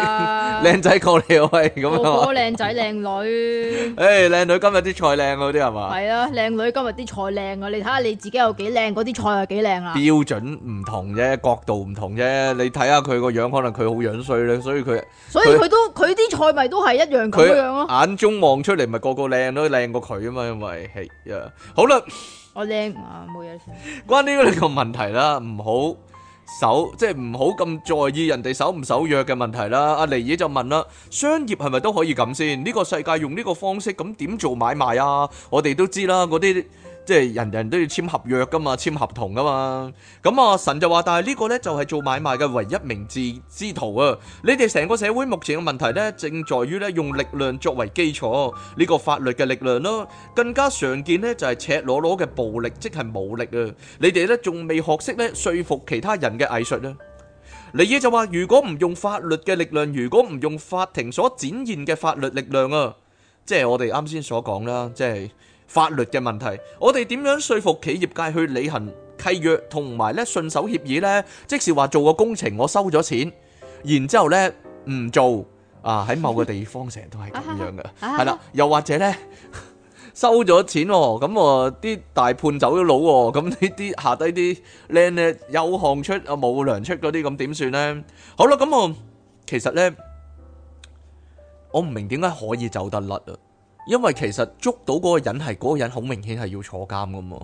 靚仔過嚟，喂咁啊！個靚仔靚女。誒、 哎，靚女今菜，今日啲菜靚啊，啲係嘛？係啊，靚女，今日啲菜靚啊！你睇下你自己有幾靚，嗰啲菜係幾靚啊？標準唔同啫，角度唔同啫。你睇下佢個樣，可能佢好樣衰咧，所以佢所以佢她都佢啲菜咪都係一樣咁樣咯。眼中望出嚟咪個個靚咯，靚過佢啊嘛，因為係啊。好啦。 我靚啊，冇嘢。 關呢個問題啦，唔好守，即係唔好咁在意人哋守唔守約嘅問題啦。阿妮爺就問啦，商業係咪都可以咁先？呢、這個世界用呢個方式咁點做買賣啊？我哋都知啦，嗰啲。即係人人都要簽合約噶嘛，簽合同噶嘛。咁啊，神就話：但係呢個咧就係做買賣嘅唯一明智之途啊！你哋成個社會目前嘅問題咧，正在於咧用力量作為基礎呢個法律嘅力量咯。更加常見咧就係赤裸裸嘅暴力，即係武力啊！你哋咧仲未學識咧說服其他人嘅藝術咧。尼嘢就話：如果唔用法律嘅力量，如果唔用法庭所展現嘅法律力量啊，即係我哋啱先所講啦，即係。法律嘅問題，我哋點樣說服企業界去履行契約同埋咧信守協議咧？即係話做個工程，我收咗錢，然之後咧唔做啊！喺某個地方成日都係咁樣嘅，係啦，又或者咧收咗錢，咁我啲大判走咗佬，咁呢啲下低啲靚咧有糧出啊冇糧出嗰啲，咁點算咧？好啦，咁我其實咧，我唔明點解可以走得甩啊！因為其實捉到嗰個人係嗰、嗰個人好明顯係要坐監噶嘛，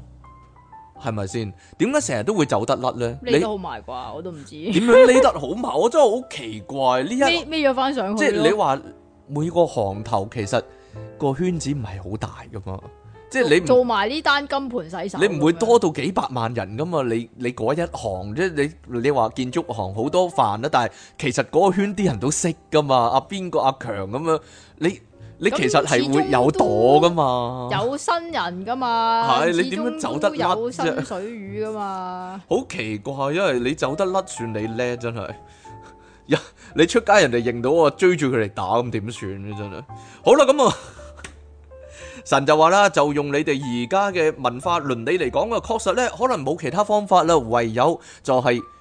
係咪先？點解成日都會走得甩咧？匿得好埋啩，我都唔知。點樣匿得好埋？ 我真係好奇怪。呢一匿咗翻上去。即係你話每個行頭其實個圈子唔係好大噶嘛？即、就、係、是、你做埋呢單金盆洗手，你唔會多到幾百萬人噶嘛？你你嗰一行即係你你話建築行好多範啦，但係其實嗰個圈啲人都識噶嘛？阿邊個阿強咁樣你？你其實係會有朵噶嘛，有新人噶嘛，係你點樣走得甩，有新水魚噶嘛，好奇怪，因為你走得甩算你叻真係，人 你出街人哋認到我追住佢嚟打咁點算咧真係，好啦咁啊，神就話啦，就用你哋而家嘅文化倫理嚟講啊，確實咧可能冇其他方法啦，唯有就係、是。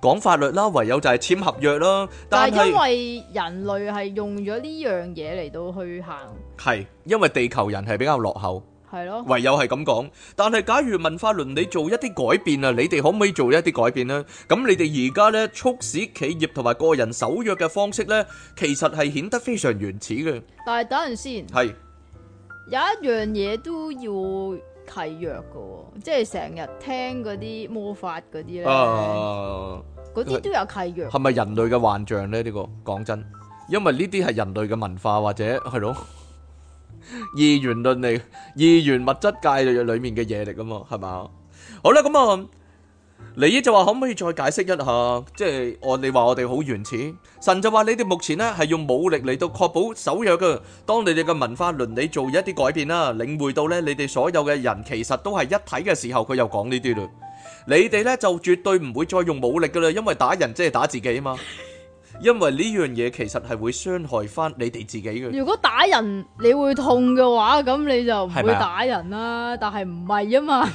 講法律啦，唯有就係簽合約啦。但係因為人類係用咗呢樣嘢嚟到去行，係因為地球人係比較落後，係咯。唯有係咁講。但係假如文化倫理做一啲改變啊，你哋可唔可以做一啲改變呢？咁你哋而家呢，促使企業同埋個人守約嘅方式呢，其實係顯得非常原始嘅。但係等陣先，係有一樣嘢都要。契約嘅，即係成日聽嗰啲魔法嗰啲咧，嗰啲都有契約。係咪人類嘅幻象咧？呢個講真，因為呢啲係人類嘅文化或者係咯二元論嚟，二元物質界裏裏面嘅嘢嚟噶嘛，係嘛？好啦，咁我。你呢就話，可唔可以再解釋一下，即係我你話我哋好原始，神就話你哋目前呢係用武力嚟到確保守約㗎，當你哋嘅文化倫理做一啲改變啦，領會到呢你哋所有嘅人其實都係一體嘅時候，佢又講呢啲啦。你哋呢就絕對唔會再用武力噶啦，因為打人即係打自己啊嘛，因為呢樣嘢其實係會傷害翻你哋自己嘅。如果打人你會痛嘅話，咁你就唔會打人啦，但係唔係啊嘛。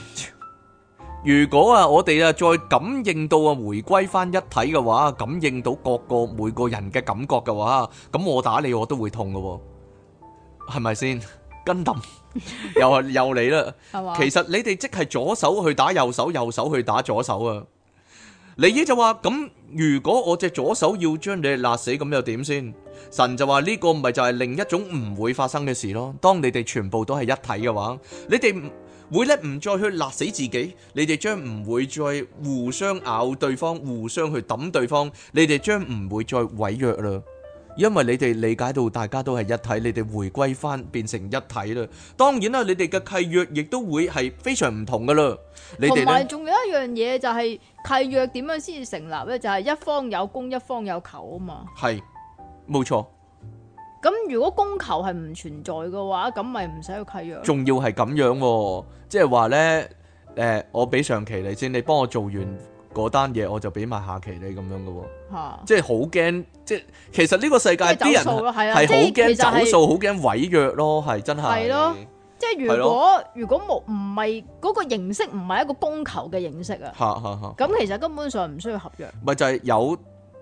如果啊，我哋啊再感應到啊，迴歸返一體嘅話，感應到各個每個人嘅感覺嘅話，咁我打你我都會痛㗎喎，係咪先？跟冧，又係又嚟啦。其實你哋即係左手去打右手，右手去打左手啊。尼爾就話：咁如果我隻左手要將你哋辣死，咁又點先？神就話：呢個唔係就係另一種唔會發生嘅事咯。當你哋全部都係一體嘅話，你哋唔會咧唔再去勒死自己，你哋將唔會再互相咬對方，互相去抌對方，你哋將唔會再違約啦。因為你哋理解到大家都係一體，你哋回歸翻變成一體啦。當然啦，你哋嘅契約亦都會係非常唔同噶啦。同埋仲有一樣嘢就係契約點樣先至成立呢？就係一方有功，一方有求啊嘛。係，冇錯。咁如果供求係唔存在嘅話，咁咪唔使去契約。仲要係咁樣、哦，即係話咧，誒、呃，我俾上期你先，你幫我做完嗰單嘢，我就俾埋下期你咁樣嘅、哦、喎。吓、啊，即係好驚，即係其實呢個世界啲人係好驚走數，好驚毀約咯，係真係。係咯，即係如果的如果冇唔係嗰個形式唔係一個供求嘅形式啊。吓吓吓，咁、啊、其實根本上唔需要合約。咪就係、是、有有。有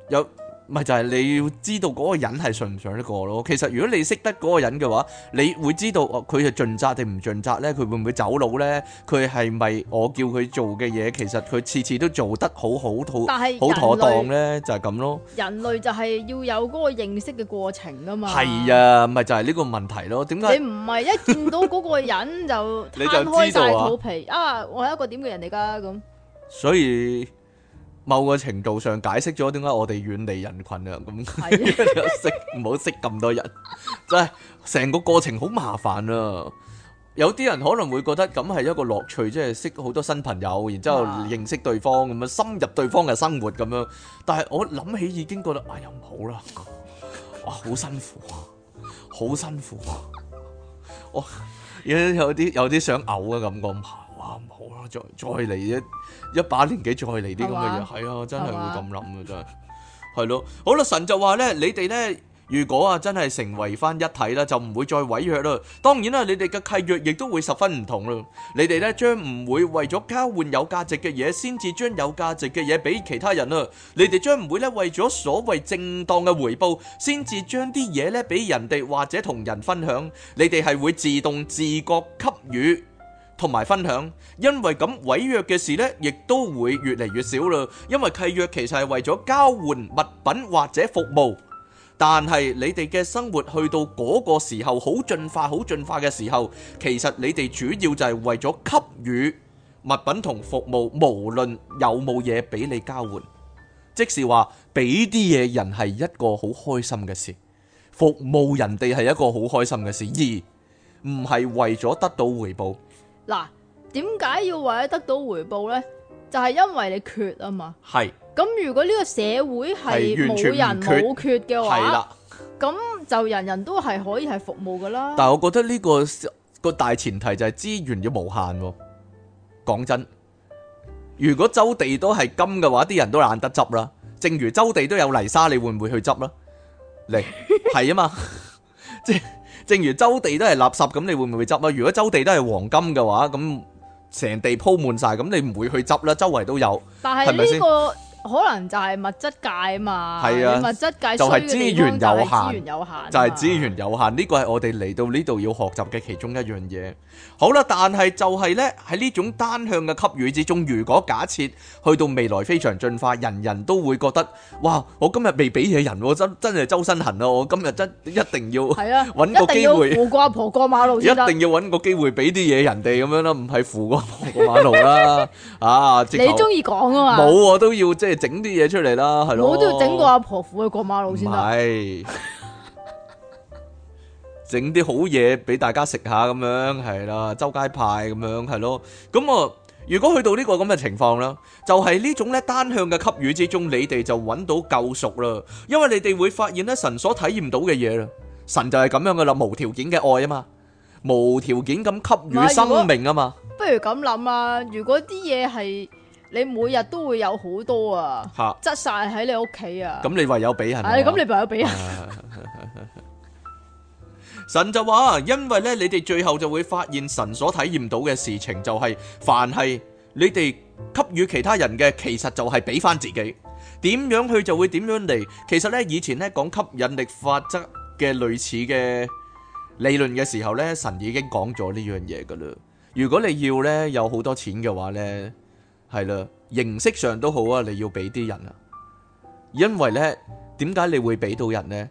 有有有咪就係你要知道嗰個人係信唔信得過咯。其實如果你識得嗰個人嘅話，你會知道哦，佢係盡責定唔盡責咧？佢會唔會走佬咧？佢係咪我叫佢做嘅嘢？其實佢次次都做得好好妥，但好妥當咧？就係、是、咁咯。人類就係要有嗰個認識嘅過程㗎嘛。係啊，咪就係、是、呢個問題咯。點解你唔係一見到嗰個人就攤開大肚皮 啊，啊？我係一個點嘅人嚟㗎咁。所以。某個程度上解釋咗點解我哋遠離人群啊咁，又 識唔好識咁多人，真係成個過程好麻煩啊！有啲人可能會覺得咁係一個樂趣，即係識好多新朋友，然之後認識對方咁樣深入對方嘅生活咁樣。但係我諗起已經覺得哎呀，唔好啦，哇好辛苦，好辛苦，我有有啲有啲想嘔嘅感覺。.啊，冇啦，再再嚟一一把年紀再嚟啲咁嘅嘢，係啊，真係會咁諗嘅，真係係咯。好啦，神就話咧，你哋咧如果啊真係成為翻一體啦，就唔會再毀約啦。當然啦，你哋嘅契約亦都會十分唔同啦。你哋咧將唔會為咗交換有價值嘅嘢，先至將有價值嘅嘢俾其他人啦。你哋將唔會咧為咗所謂正當嘅回報，先至將啲嘢咧俾人哋或者同人分享。你哋係會自動自覺給予。同埋分享，因為咁毀約嘅事呢，亦都會越嚟越少啦。因為契約其實係為咗交換物品或者服務，但係你哋嘅生活去到嗰個時候，好進化，好進化嘅時候，其實你哋主要就係為咗給予物品同服務，無論有冇嘢俾你交換，即是話俾啲嘢人係一個好開心嘅事，服務人哋係一個好開心嘅事，而唔係為咗得到回報。嗱，點解要為咗得到回報呢？就係、是、因為你缺啊嘛。係是。咁如果呢個社會係冇人冇缺嘅話，咁，的就人人都係可以係服務㗎啦。但係我覺得呢、這個、這個大前提就係資源要無限、啊。講真，如果周地都係金嘅話，啲人都懶得執啦。正如周地都有泥沙，你會唔會去執啦？你，係吖嘛。即 正如周地都係垃圾，咁你會唔會執啊？如果周地都係黃金嘅話，咁成地鋪滿晒，咁你唔會去執啦。周圍都有，但係，係咪先？可能就係物質界啊嘛，啊物質界就係資源有限，資源有限，資源有限，就係資源有限。呢個係我哋嚟到呢度要學習嘅其中一樣嘢。好啦、啊，但係就係咧喺呢種單向嘅給予之中，如果假設去到未來非常進化，人人都會覺得哇，我今日未俾嘢人，真真係周身痕咯、啊。我今日真一定要揾、啊、個機會，扶個阿婆，婆過馬路， 一定要揾個機會俾啲嘢人哋咁樣啦，唔係扶個阿婆過馬路啦。 啊，你中意講啊嘛？冇，我都要即係。整啲嘢出嚟啦，係咯，我都整過阿婆扶去過馬路先得。整啲好嘢俾大家食下咁樣，係啦，周街派咁樣，係咯。咁我如果去到呢個咁嘅情況啦，就係呢種咧單向嘅給予之中，你哋就揾到救贖啦。因為你哋會發現咧，神所體驗到嘅嘢啦，神就係咁樣噶啦，無條件嘅愛啊嘛，無條件咁給予生命啊嘛。不如咁諗啊，如果啲嘢係。你每日都會有好多啊，擠晒喺你屋企啊。咁你唯有俾人，係咁你唯有俾人。 神就話，因為咧，你哋最後就會發現神所體驗到嘅事情就係，凡係你哋給予其他人嘅，其實就係俾翻自己。點樣去就會點樣嚟。其實咧，以前咧講吸引力法則嘅類似嘅理論嘅時候咧，神已經講咗呢樣嘢噶啦。如果你要咧有好多錢嘅話咧。係啦，形式上都好啊，你要俾啲人啊，因為咧，點解你會俾到人呢？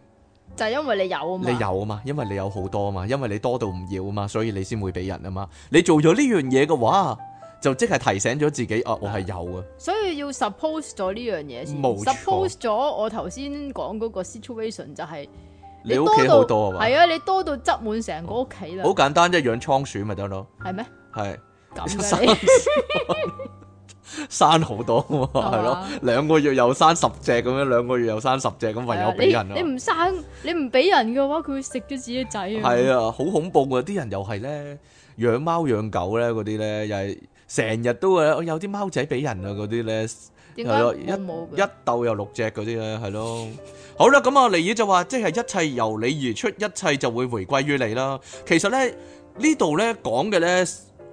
就係因為你有啊嘛，你有啊嘛，因為你有好多啊嘛，因為你多到唔要啊嘛，所以你先會俾人啊嘛。你做咗呢樣嘢嘅話，就即係提醒咗自己啊，我係有啊。所以要 suppose 咗呢樣嘢先，suppose 咗我頭先講嗰個 situation 就係、是、你屋企好多係嘛，係啊，你多到執滿成個屋企啦。好、嗯、簡單，即係養倉鼠咪得咯，係咩嗎？係咁生好多係、啊、咯，兩吧個月又生十隻咁樣，兩個月又生十隻咁，唯有俾人、啊、你唔生，你唔俾人嘅話，佢會食咗自己仔。係啊，好、啊、恐怖啊！啲人又係咧，養貓養狗咧，嗰啲咧又係成日都會、哦、有啲貓仔俾人啊，嗰啲咧係咯一一竇又六隻嗰啲咧，係咯。好啦，咁啊，尼爾就話，即係一切由你而出，一切就會回歸於你啦。其實咧呢度咧講嘅咧。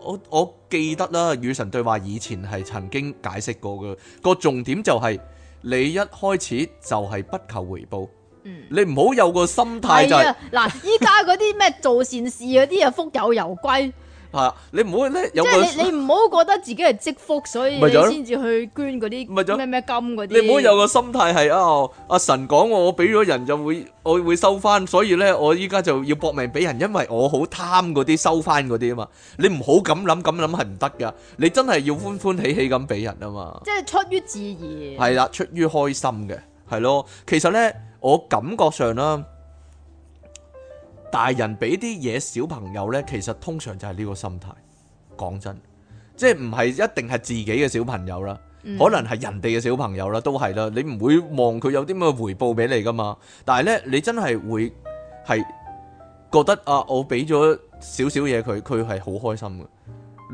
我我記得啦，與神對話以前係曾經解釋過嘅，個重點就係、是、你一開始就係不求回報，嗯、你唔好有個心態就嗱、是，依家嗰啲咩做善事嗰啲啊，福有攸歸。係，你唔好咧，即你唔好個覺得自己係積福，所以你先至去捐嗰啲咩咩金嗰啲。你唔好有個心態係、哦、啊，阿神講我俾咗人就會，我會收翻，所以咧我依家就要搏命俾人，因為我好貪嗰啲收翻嗰啲啊嘛。你唔好咁諗，咁諗係唔得噶。你真係要歡歡喜喜咁俾人啊嘛。即係、嗯就係、出於自然。係啦，出於開心嘅，係咯。其實咧，我感覺上啦。大人俾啲嘢小朋友呢，其實通常就係呢個心態。講真，即係唔係一定係自己嘅小朋友啦，嗯、可能係人哋嘅小朋友啦，都係啦。你唔會望佢有啲咩回報俾你噶嘛？但係呢，你真係會係覺得啊，我俾咗少少嘢佢，佢係好開心嘅。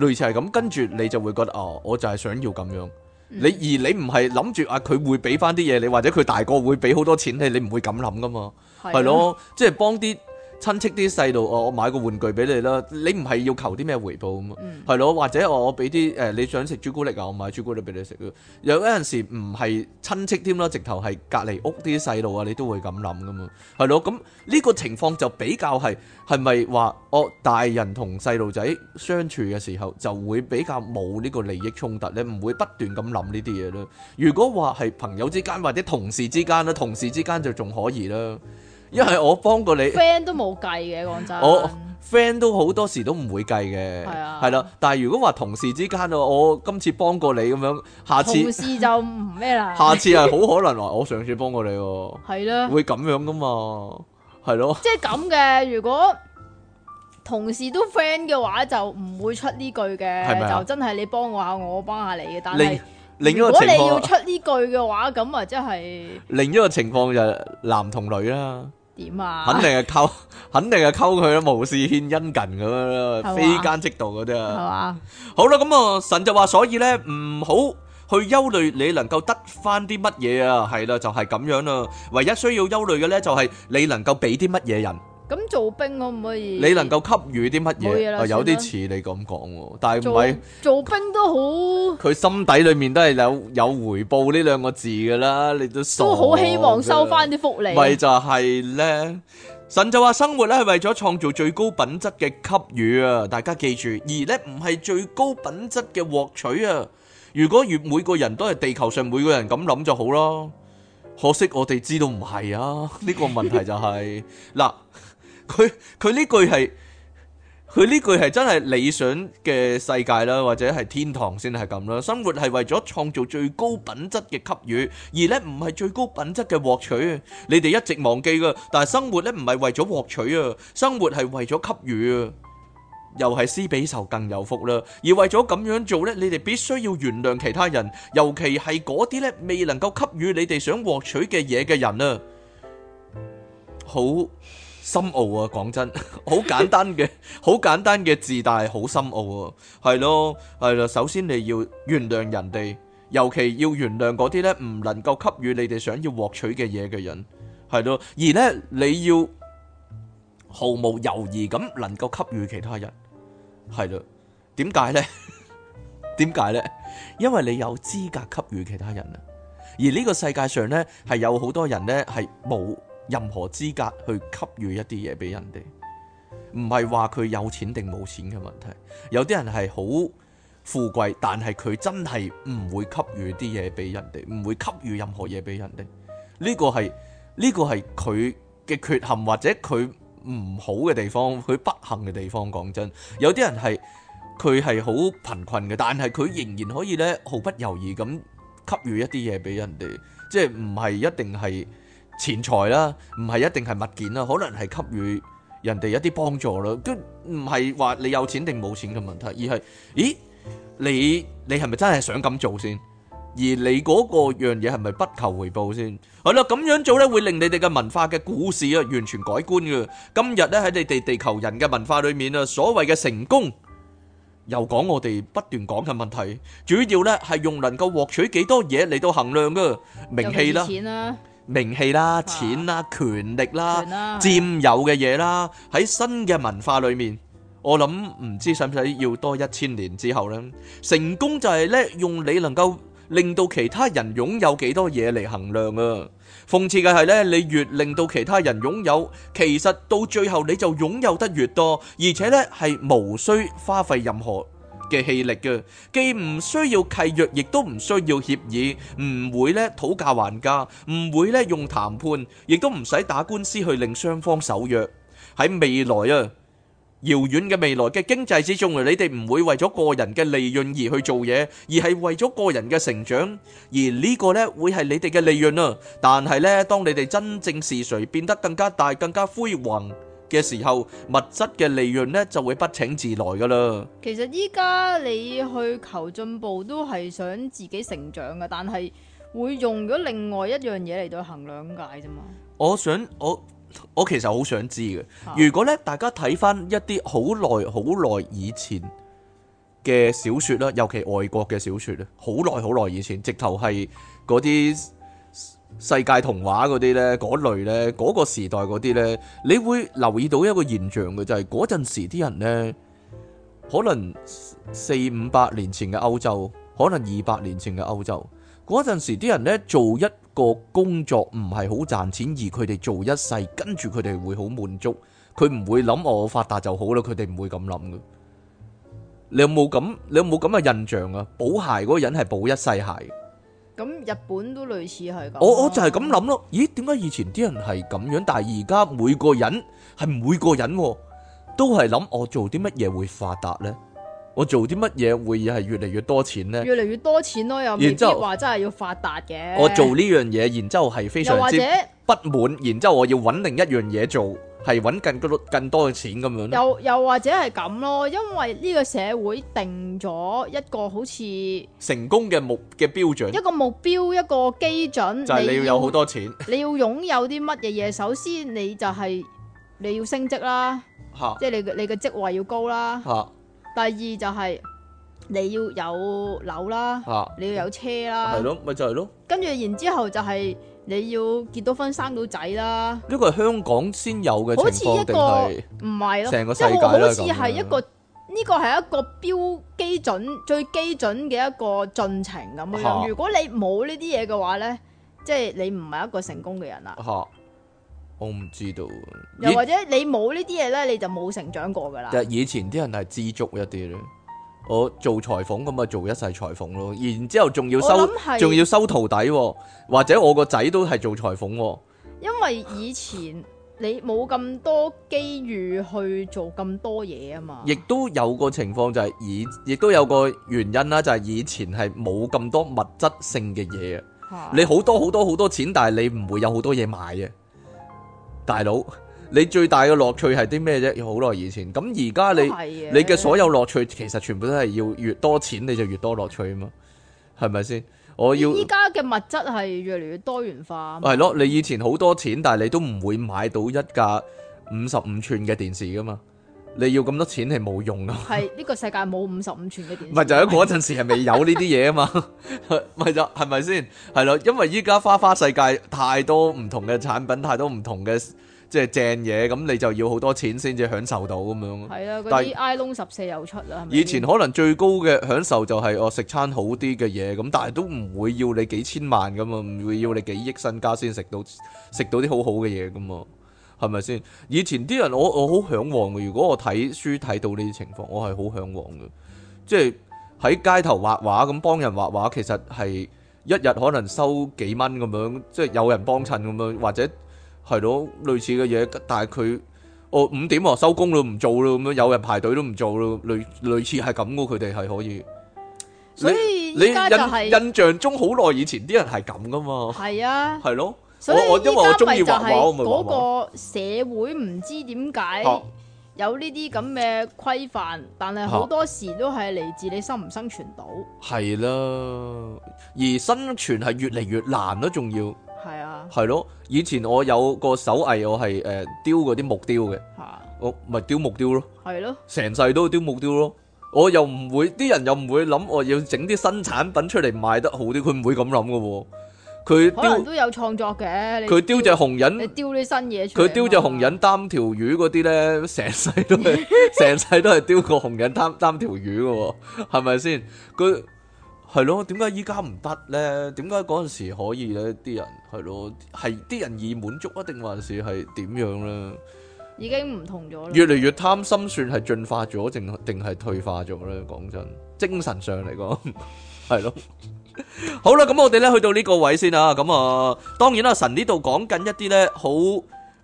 類似係咁，跟住你就會覺得哦、啊，我就係想要咁樣。嗯、你而你唔係諗住啊，佢會俾翻啲嘢你，或者佢大個會俾好多錢你，你唔會咁諗噶嘛？係咯、啊，即係幫啲。親戚啲細路，我我買個玩具俾你啦，你唔係要求啲咩回報咁嘛？係咯、嗯，或者我我俾啲誒，你想食朱古力啊，我買朱古力俾你食。有嗰陣時唔係親戚添啦，直頭係隔離屋啲細路啊，你都會咁諗噶嘛？係咯，咁呢個情況就比較係係咪話我大人同細路仔相處嘅時候就會比較冇呢個利益衝突咧，你唔會不斷咁諗呢啲嘢咯。如果話係朋友之間或者同事之間啦，同事之間就仲可以啦。因為我幫過你，friend 都冇計嘅，講真我。我 friend 都好多時都唔會計嘅，係啊，係啦。但係如果話同事之間啊，我今次幫過你咁樣，下次同事就唔咩啦。下次係好可能話 我上次幫過你，係咯、啊，會咁樣噶嘛，係咯。即係咁嘅，如果同事都 friend 嘅話，就唔會出呢句嘅，吧就真係你幫我下我，我幫下你嘅，但係。另一個如果你要出呢句嘅話，咁啊、就是，即係另一個情況就男同女啦。點啊肯？肯定係溝，肯定係溝佢啦，無事獻殷勤咁樣啦，吧非奸即盜嗰啲啊。係嘛吧？好啦，咁啊，神就話，所以咧唔好去憂慮，你能夠得返啲乜嘢啊？係啦吧，就係、是、咁樣啦。唯一需要憂慮嘅咧，就係你能夠俾啲乜嘢人。咁做兵可唔可以？你能夠給予啲乜嘢？冇嘢啦。有啲似你咁講喎，做但係唔係做兵都好。佢心底裏面都係有有回報呢兩個字噶啦，你都都好希望收翻啲福利。唔咪就係咧，神就話生活咧係為咗創造最高品質嘅給予啊！大家記住，而咧唔係最高品質嘅獲取啊！如果如每個人都係地球上每個人咁諗就好啦。可惜我哋知道唔係啊！呢、這個問題就係、是、嗱。 佢佢呢句係佢呢句係真係理想嘅世界啦，或者係天堂先係咁啦。生活係為咗創造最高品質嘅給予，而呢唔係最高品質嘅獲取。你哋一直忘記噶但係生活呢唔係為咗獲取啊，生活係為咗給予啊。又係施比受更有福啦。而為咗咁樣做呢，你哋必須要原諒其他人，尤其係嗰啲呢未能夠給予你哋想獲取嘅嘢嘅人啊。好。深奧啊！講真，好 簡單嘅，好 簡單嘅字，但係好深奧啊！係咯，係啦。首先你要原諒人哋，尤其要原諒嗰啲咧唔能夠給予你哋想要獲取嘅嘢嘅人，係咯。而咧你要毫無猶豫咁能夠給予其他人，係咯。點解咧？點解咧？因為你有資格給予其他人啊！而呢個世界上咧係有好多人咧係冇。任何資格去給予一啲嘢俾人哋，唔係話佢有錢定冇錢嘅問題。有啲人係好富貴，但係佢真係唔會給予啲嘢俾人哋，唔會給予任何嘢俾人哋。呢個係呢個係佢嘅缺陷或者佢唔好嘅地方，佢不幸嘅地方。講真，有啲人係佢係好貧困嘅，但係佢仍然可以呢毫不猶豫咁給予一啲嘢俾人哋，即係唔係一定係，錢財啦，唔係一定係物件啦，可能係給予人哋一啲幫助啦，都唔係話你有錢定冇錢嘅問題，而係咦你你係咪真係想咁做先？而你嗰個樣嘢係咪不求回報先？係咯，咁樣做咧會令你哋嘅文化嘅故事啊完全改觀嘅。今日咧喺你哋地球人嘅文化裏面啊，所謂嘅成功又講我哋不斷講嘅問題，主要咧係用能夠獲取幾多嘢嚟到衡量嘅。名氣啦。名氣啦、錢啦、權力啦、佔有嘅嘢啦，喺新嘅文化裏面，我諗唔知使唔使要多一千年之後咧，成功就係咧用你能夠令到其他人擁有幾多嘢嚟衡量啊。諷刺嘅係咧，你越令到其他人擁有，其實到最後你就擁有得越多，而且咧係無需花費任何嘅氣力嘅，既唔需要契約，亦都唔需要協議，唔會咧討價還價，唔會咧用談判，亦都唔使打官司去令雙方守約。喺未來啊，遙遠嘅未來嘅經濟之中，你哋唔會為咗個人嘅利潤而去做嘢，而係為咗個人嘅成長，而呢個呢會係你哋嘅利潤啊！但係呢，當你哋真正是誰，變得更加大，更加輝煌。嘅時候，物質嘅利潤呢就會不請自來噶啦。其實依家你去求進步都係想自己成長嘅，但係會用咗另外一樣嘢嚟對衡量界啫嘛。我想我我其實好想知嘅，如果呢，大家睇返一啲好耐好耐以前嘅小說啦，尤其外國嘅小說啊，好耐好耐以前，直頭係嗰啲。世界童話嗰啲呢，嗰類呢，嗰個時代嗰啲呢，你會留意到一個現象嘅，就係嗰陣時啲人呢，可能四五百年前嘅歐洲，可能二百年前嘅歐洲，嗰陣時啲人呢做一個工作唔係好賺錢，而佢哋做一世，跟住佢哋會好滿足，佢唔會諗我發達就好啦，佢哋唔會咁諗嘅。你有冇咁？你有冇咁嘅印象啊？補鞋嗰個人係補一世鞋。咁日本都類似係咁，我我就係咁諗咯。咦？點解以前啲人係咁樣，但係而家每個人係每個人、哦、都係諗我做啲乜嘢會發達呢？我做啲乜嘢會係越嚟越多錢呢？越嚟越多錢咯，又未必話真係要發達嘅。我做呢樣嘢，然之後係非常之不滿，然之後我要揾另一樣嘢做。係揾更多、更多嘅錢咁樣咯。又又或者係咁咯，因為呢個社會定咗一個好似成功嘅目嘅標準，一個目標，一個基準。就係你要有好多錢，你要擁有啲乜嘢嘢？首先你就係你要升職啦，即係你你嘅職位要高啦。第二就係你要有樓啦，你要有車啦。係咯，咪就係咯。跟住然之後就係。你要結到婚生到仔啦，呢個係香港先有嘅好似一個定係？唔係咯，成個世界即係好似係一個呢個係一個標基準，最基準嘅一個進程咁樣。哈如果你冇呢啲嘢嘅話呢，即係你唔係一個成功嘅人啦。嚇！我唔知道。又或者你冇呢啲嘢呢，咦你就冇成長過噶啦。以前啲人係知足一啲咧。我做裁縫咁啊，做一世裁縫咯然之後仲要收仲要收徒弟，或者我個仔都係做裁縫。因為以前你冇咁多機遇去做咁多嘢啊嘛。亦都有個情況就係，以亦都有個原因啦，就係以前係冇咁多物質性嘅嘢。你好多好多好多好多錢，但係你唔會有好多嘢買嘅大佬。你最大嘅樂趣係啲咩啫？要好耐以前咁，而家你你嘅所有樂趣其實全部都係要越多錢你就越多樂趣啊嘛，係咪先？我要而家嘅物質係越嚟越多元化。係咯、啊，嗯、你以前好多錢，但係你都唔會買到一架五十五寸嘅電視噶嘛？你要咁多錢係冇用噶。係呢、呢個世界冇五十五寸嘅電視。咪 就喺嗰陣時係未有呢啲嘢啊嘛，咪 就係咪先？係咯，因為而家花花世界太多唔同嘅產品，太多唔同嘅。即係正嘢，咁你就要好多錢先至享受到咁樣。係啊對，嗰啲 iPhone 十四又出啦。以前可能最高嘅享受就係我食餐好啲嘅嘢，咁但係都唔會要你幾千萬咁啊，唔會要你幾億身家先食到食到啲好好嘅嘢噶嘛？係咪先？以前啲人我我好嚮往嘅，如果我睇書睇到呢啲情況，我係好嚮往嘅。即係喺街頭畫畫咁幫人畫畫，其實係一日可能收幾蚊咁樣，即係有人幫襯咁樣或者。係咯，類似嘅嘢，但係佢、哦、我五點啊收工都唔做咯，咁樣有人排隊都唔做咯，類類似係咁噶，佢哋係可以。所以依家印、就係、印象中好耐以前啲人係咁噶嘛。係啊。係咯的。所以我我因為我中意畫畫，嗰個社會唔知點解有呢啲咁嘅規範，啊、但係好多時都係嚟自你生唔生存到。係啦，而生存係越嚟越難咯，仲要。係咯，以前我有個手藝，我係誒雕嗰啲木雕嘅，我咪雕木雕咯，係咯，成世都雕木雕咯。我又唔會，啲人又唔會諗我要整啲新產品出嚟賣得好啲，佢唔會咁諗噶喎。佢可能都有創作嘅。佢雕隻紅人，你雕啲新嘢出。佢雕隻紅人擔條魚嗰啲咧，成世都係成世都係雕個紅人擔擔條魚噶喎，係咪先？佢。係咯，點解依家唔得咧？點解嗰陣時可以咧？啲人係咯，係啲人易滿足啊？定還是係點樣咧？已經唔同咗啦，越嚟越貪心，算進，算係進化咗，定定係退化咗咧？講真，精神上嚟講，係咯。 好啦，咁我哋咧去到呢個位先啊。咁啊、呃，當然啦，神呢度講緊一啲咧好。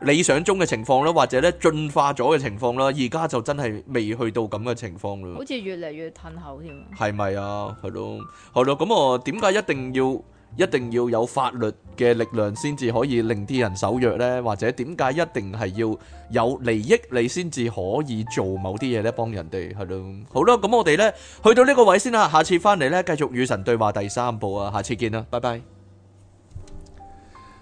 理想中嘅情況咧，或者咧進化咗嘅情況啦，而家就真係未去到咁嘅情況啦、啊。好似越嚟越褪後添，係咪啊？係咯，係咯。咁我點解一定要一定要有法律嘅力量先至可以令啲人守約呢？或者點解一定係要有利益你先至可以做某啲嘢呢？幫人哋？係咯。好啦，咁我哋呢，去到呢個位先啦。下次翻嚟呢，繼續與神對話第三部啊！下次見啦，拜拜。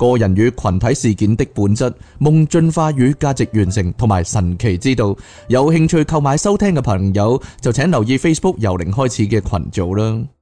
個人與群體事件的本質、夢進化與價值完成同埋神奇之道，有興趣購買收聽嘅朋友，就請留意 Facebook 由零開始嘅群組啦。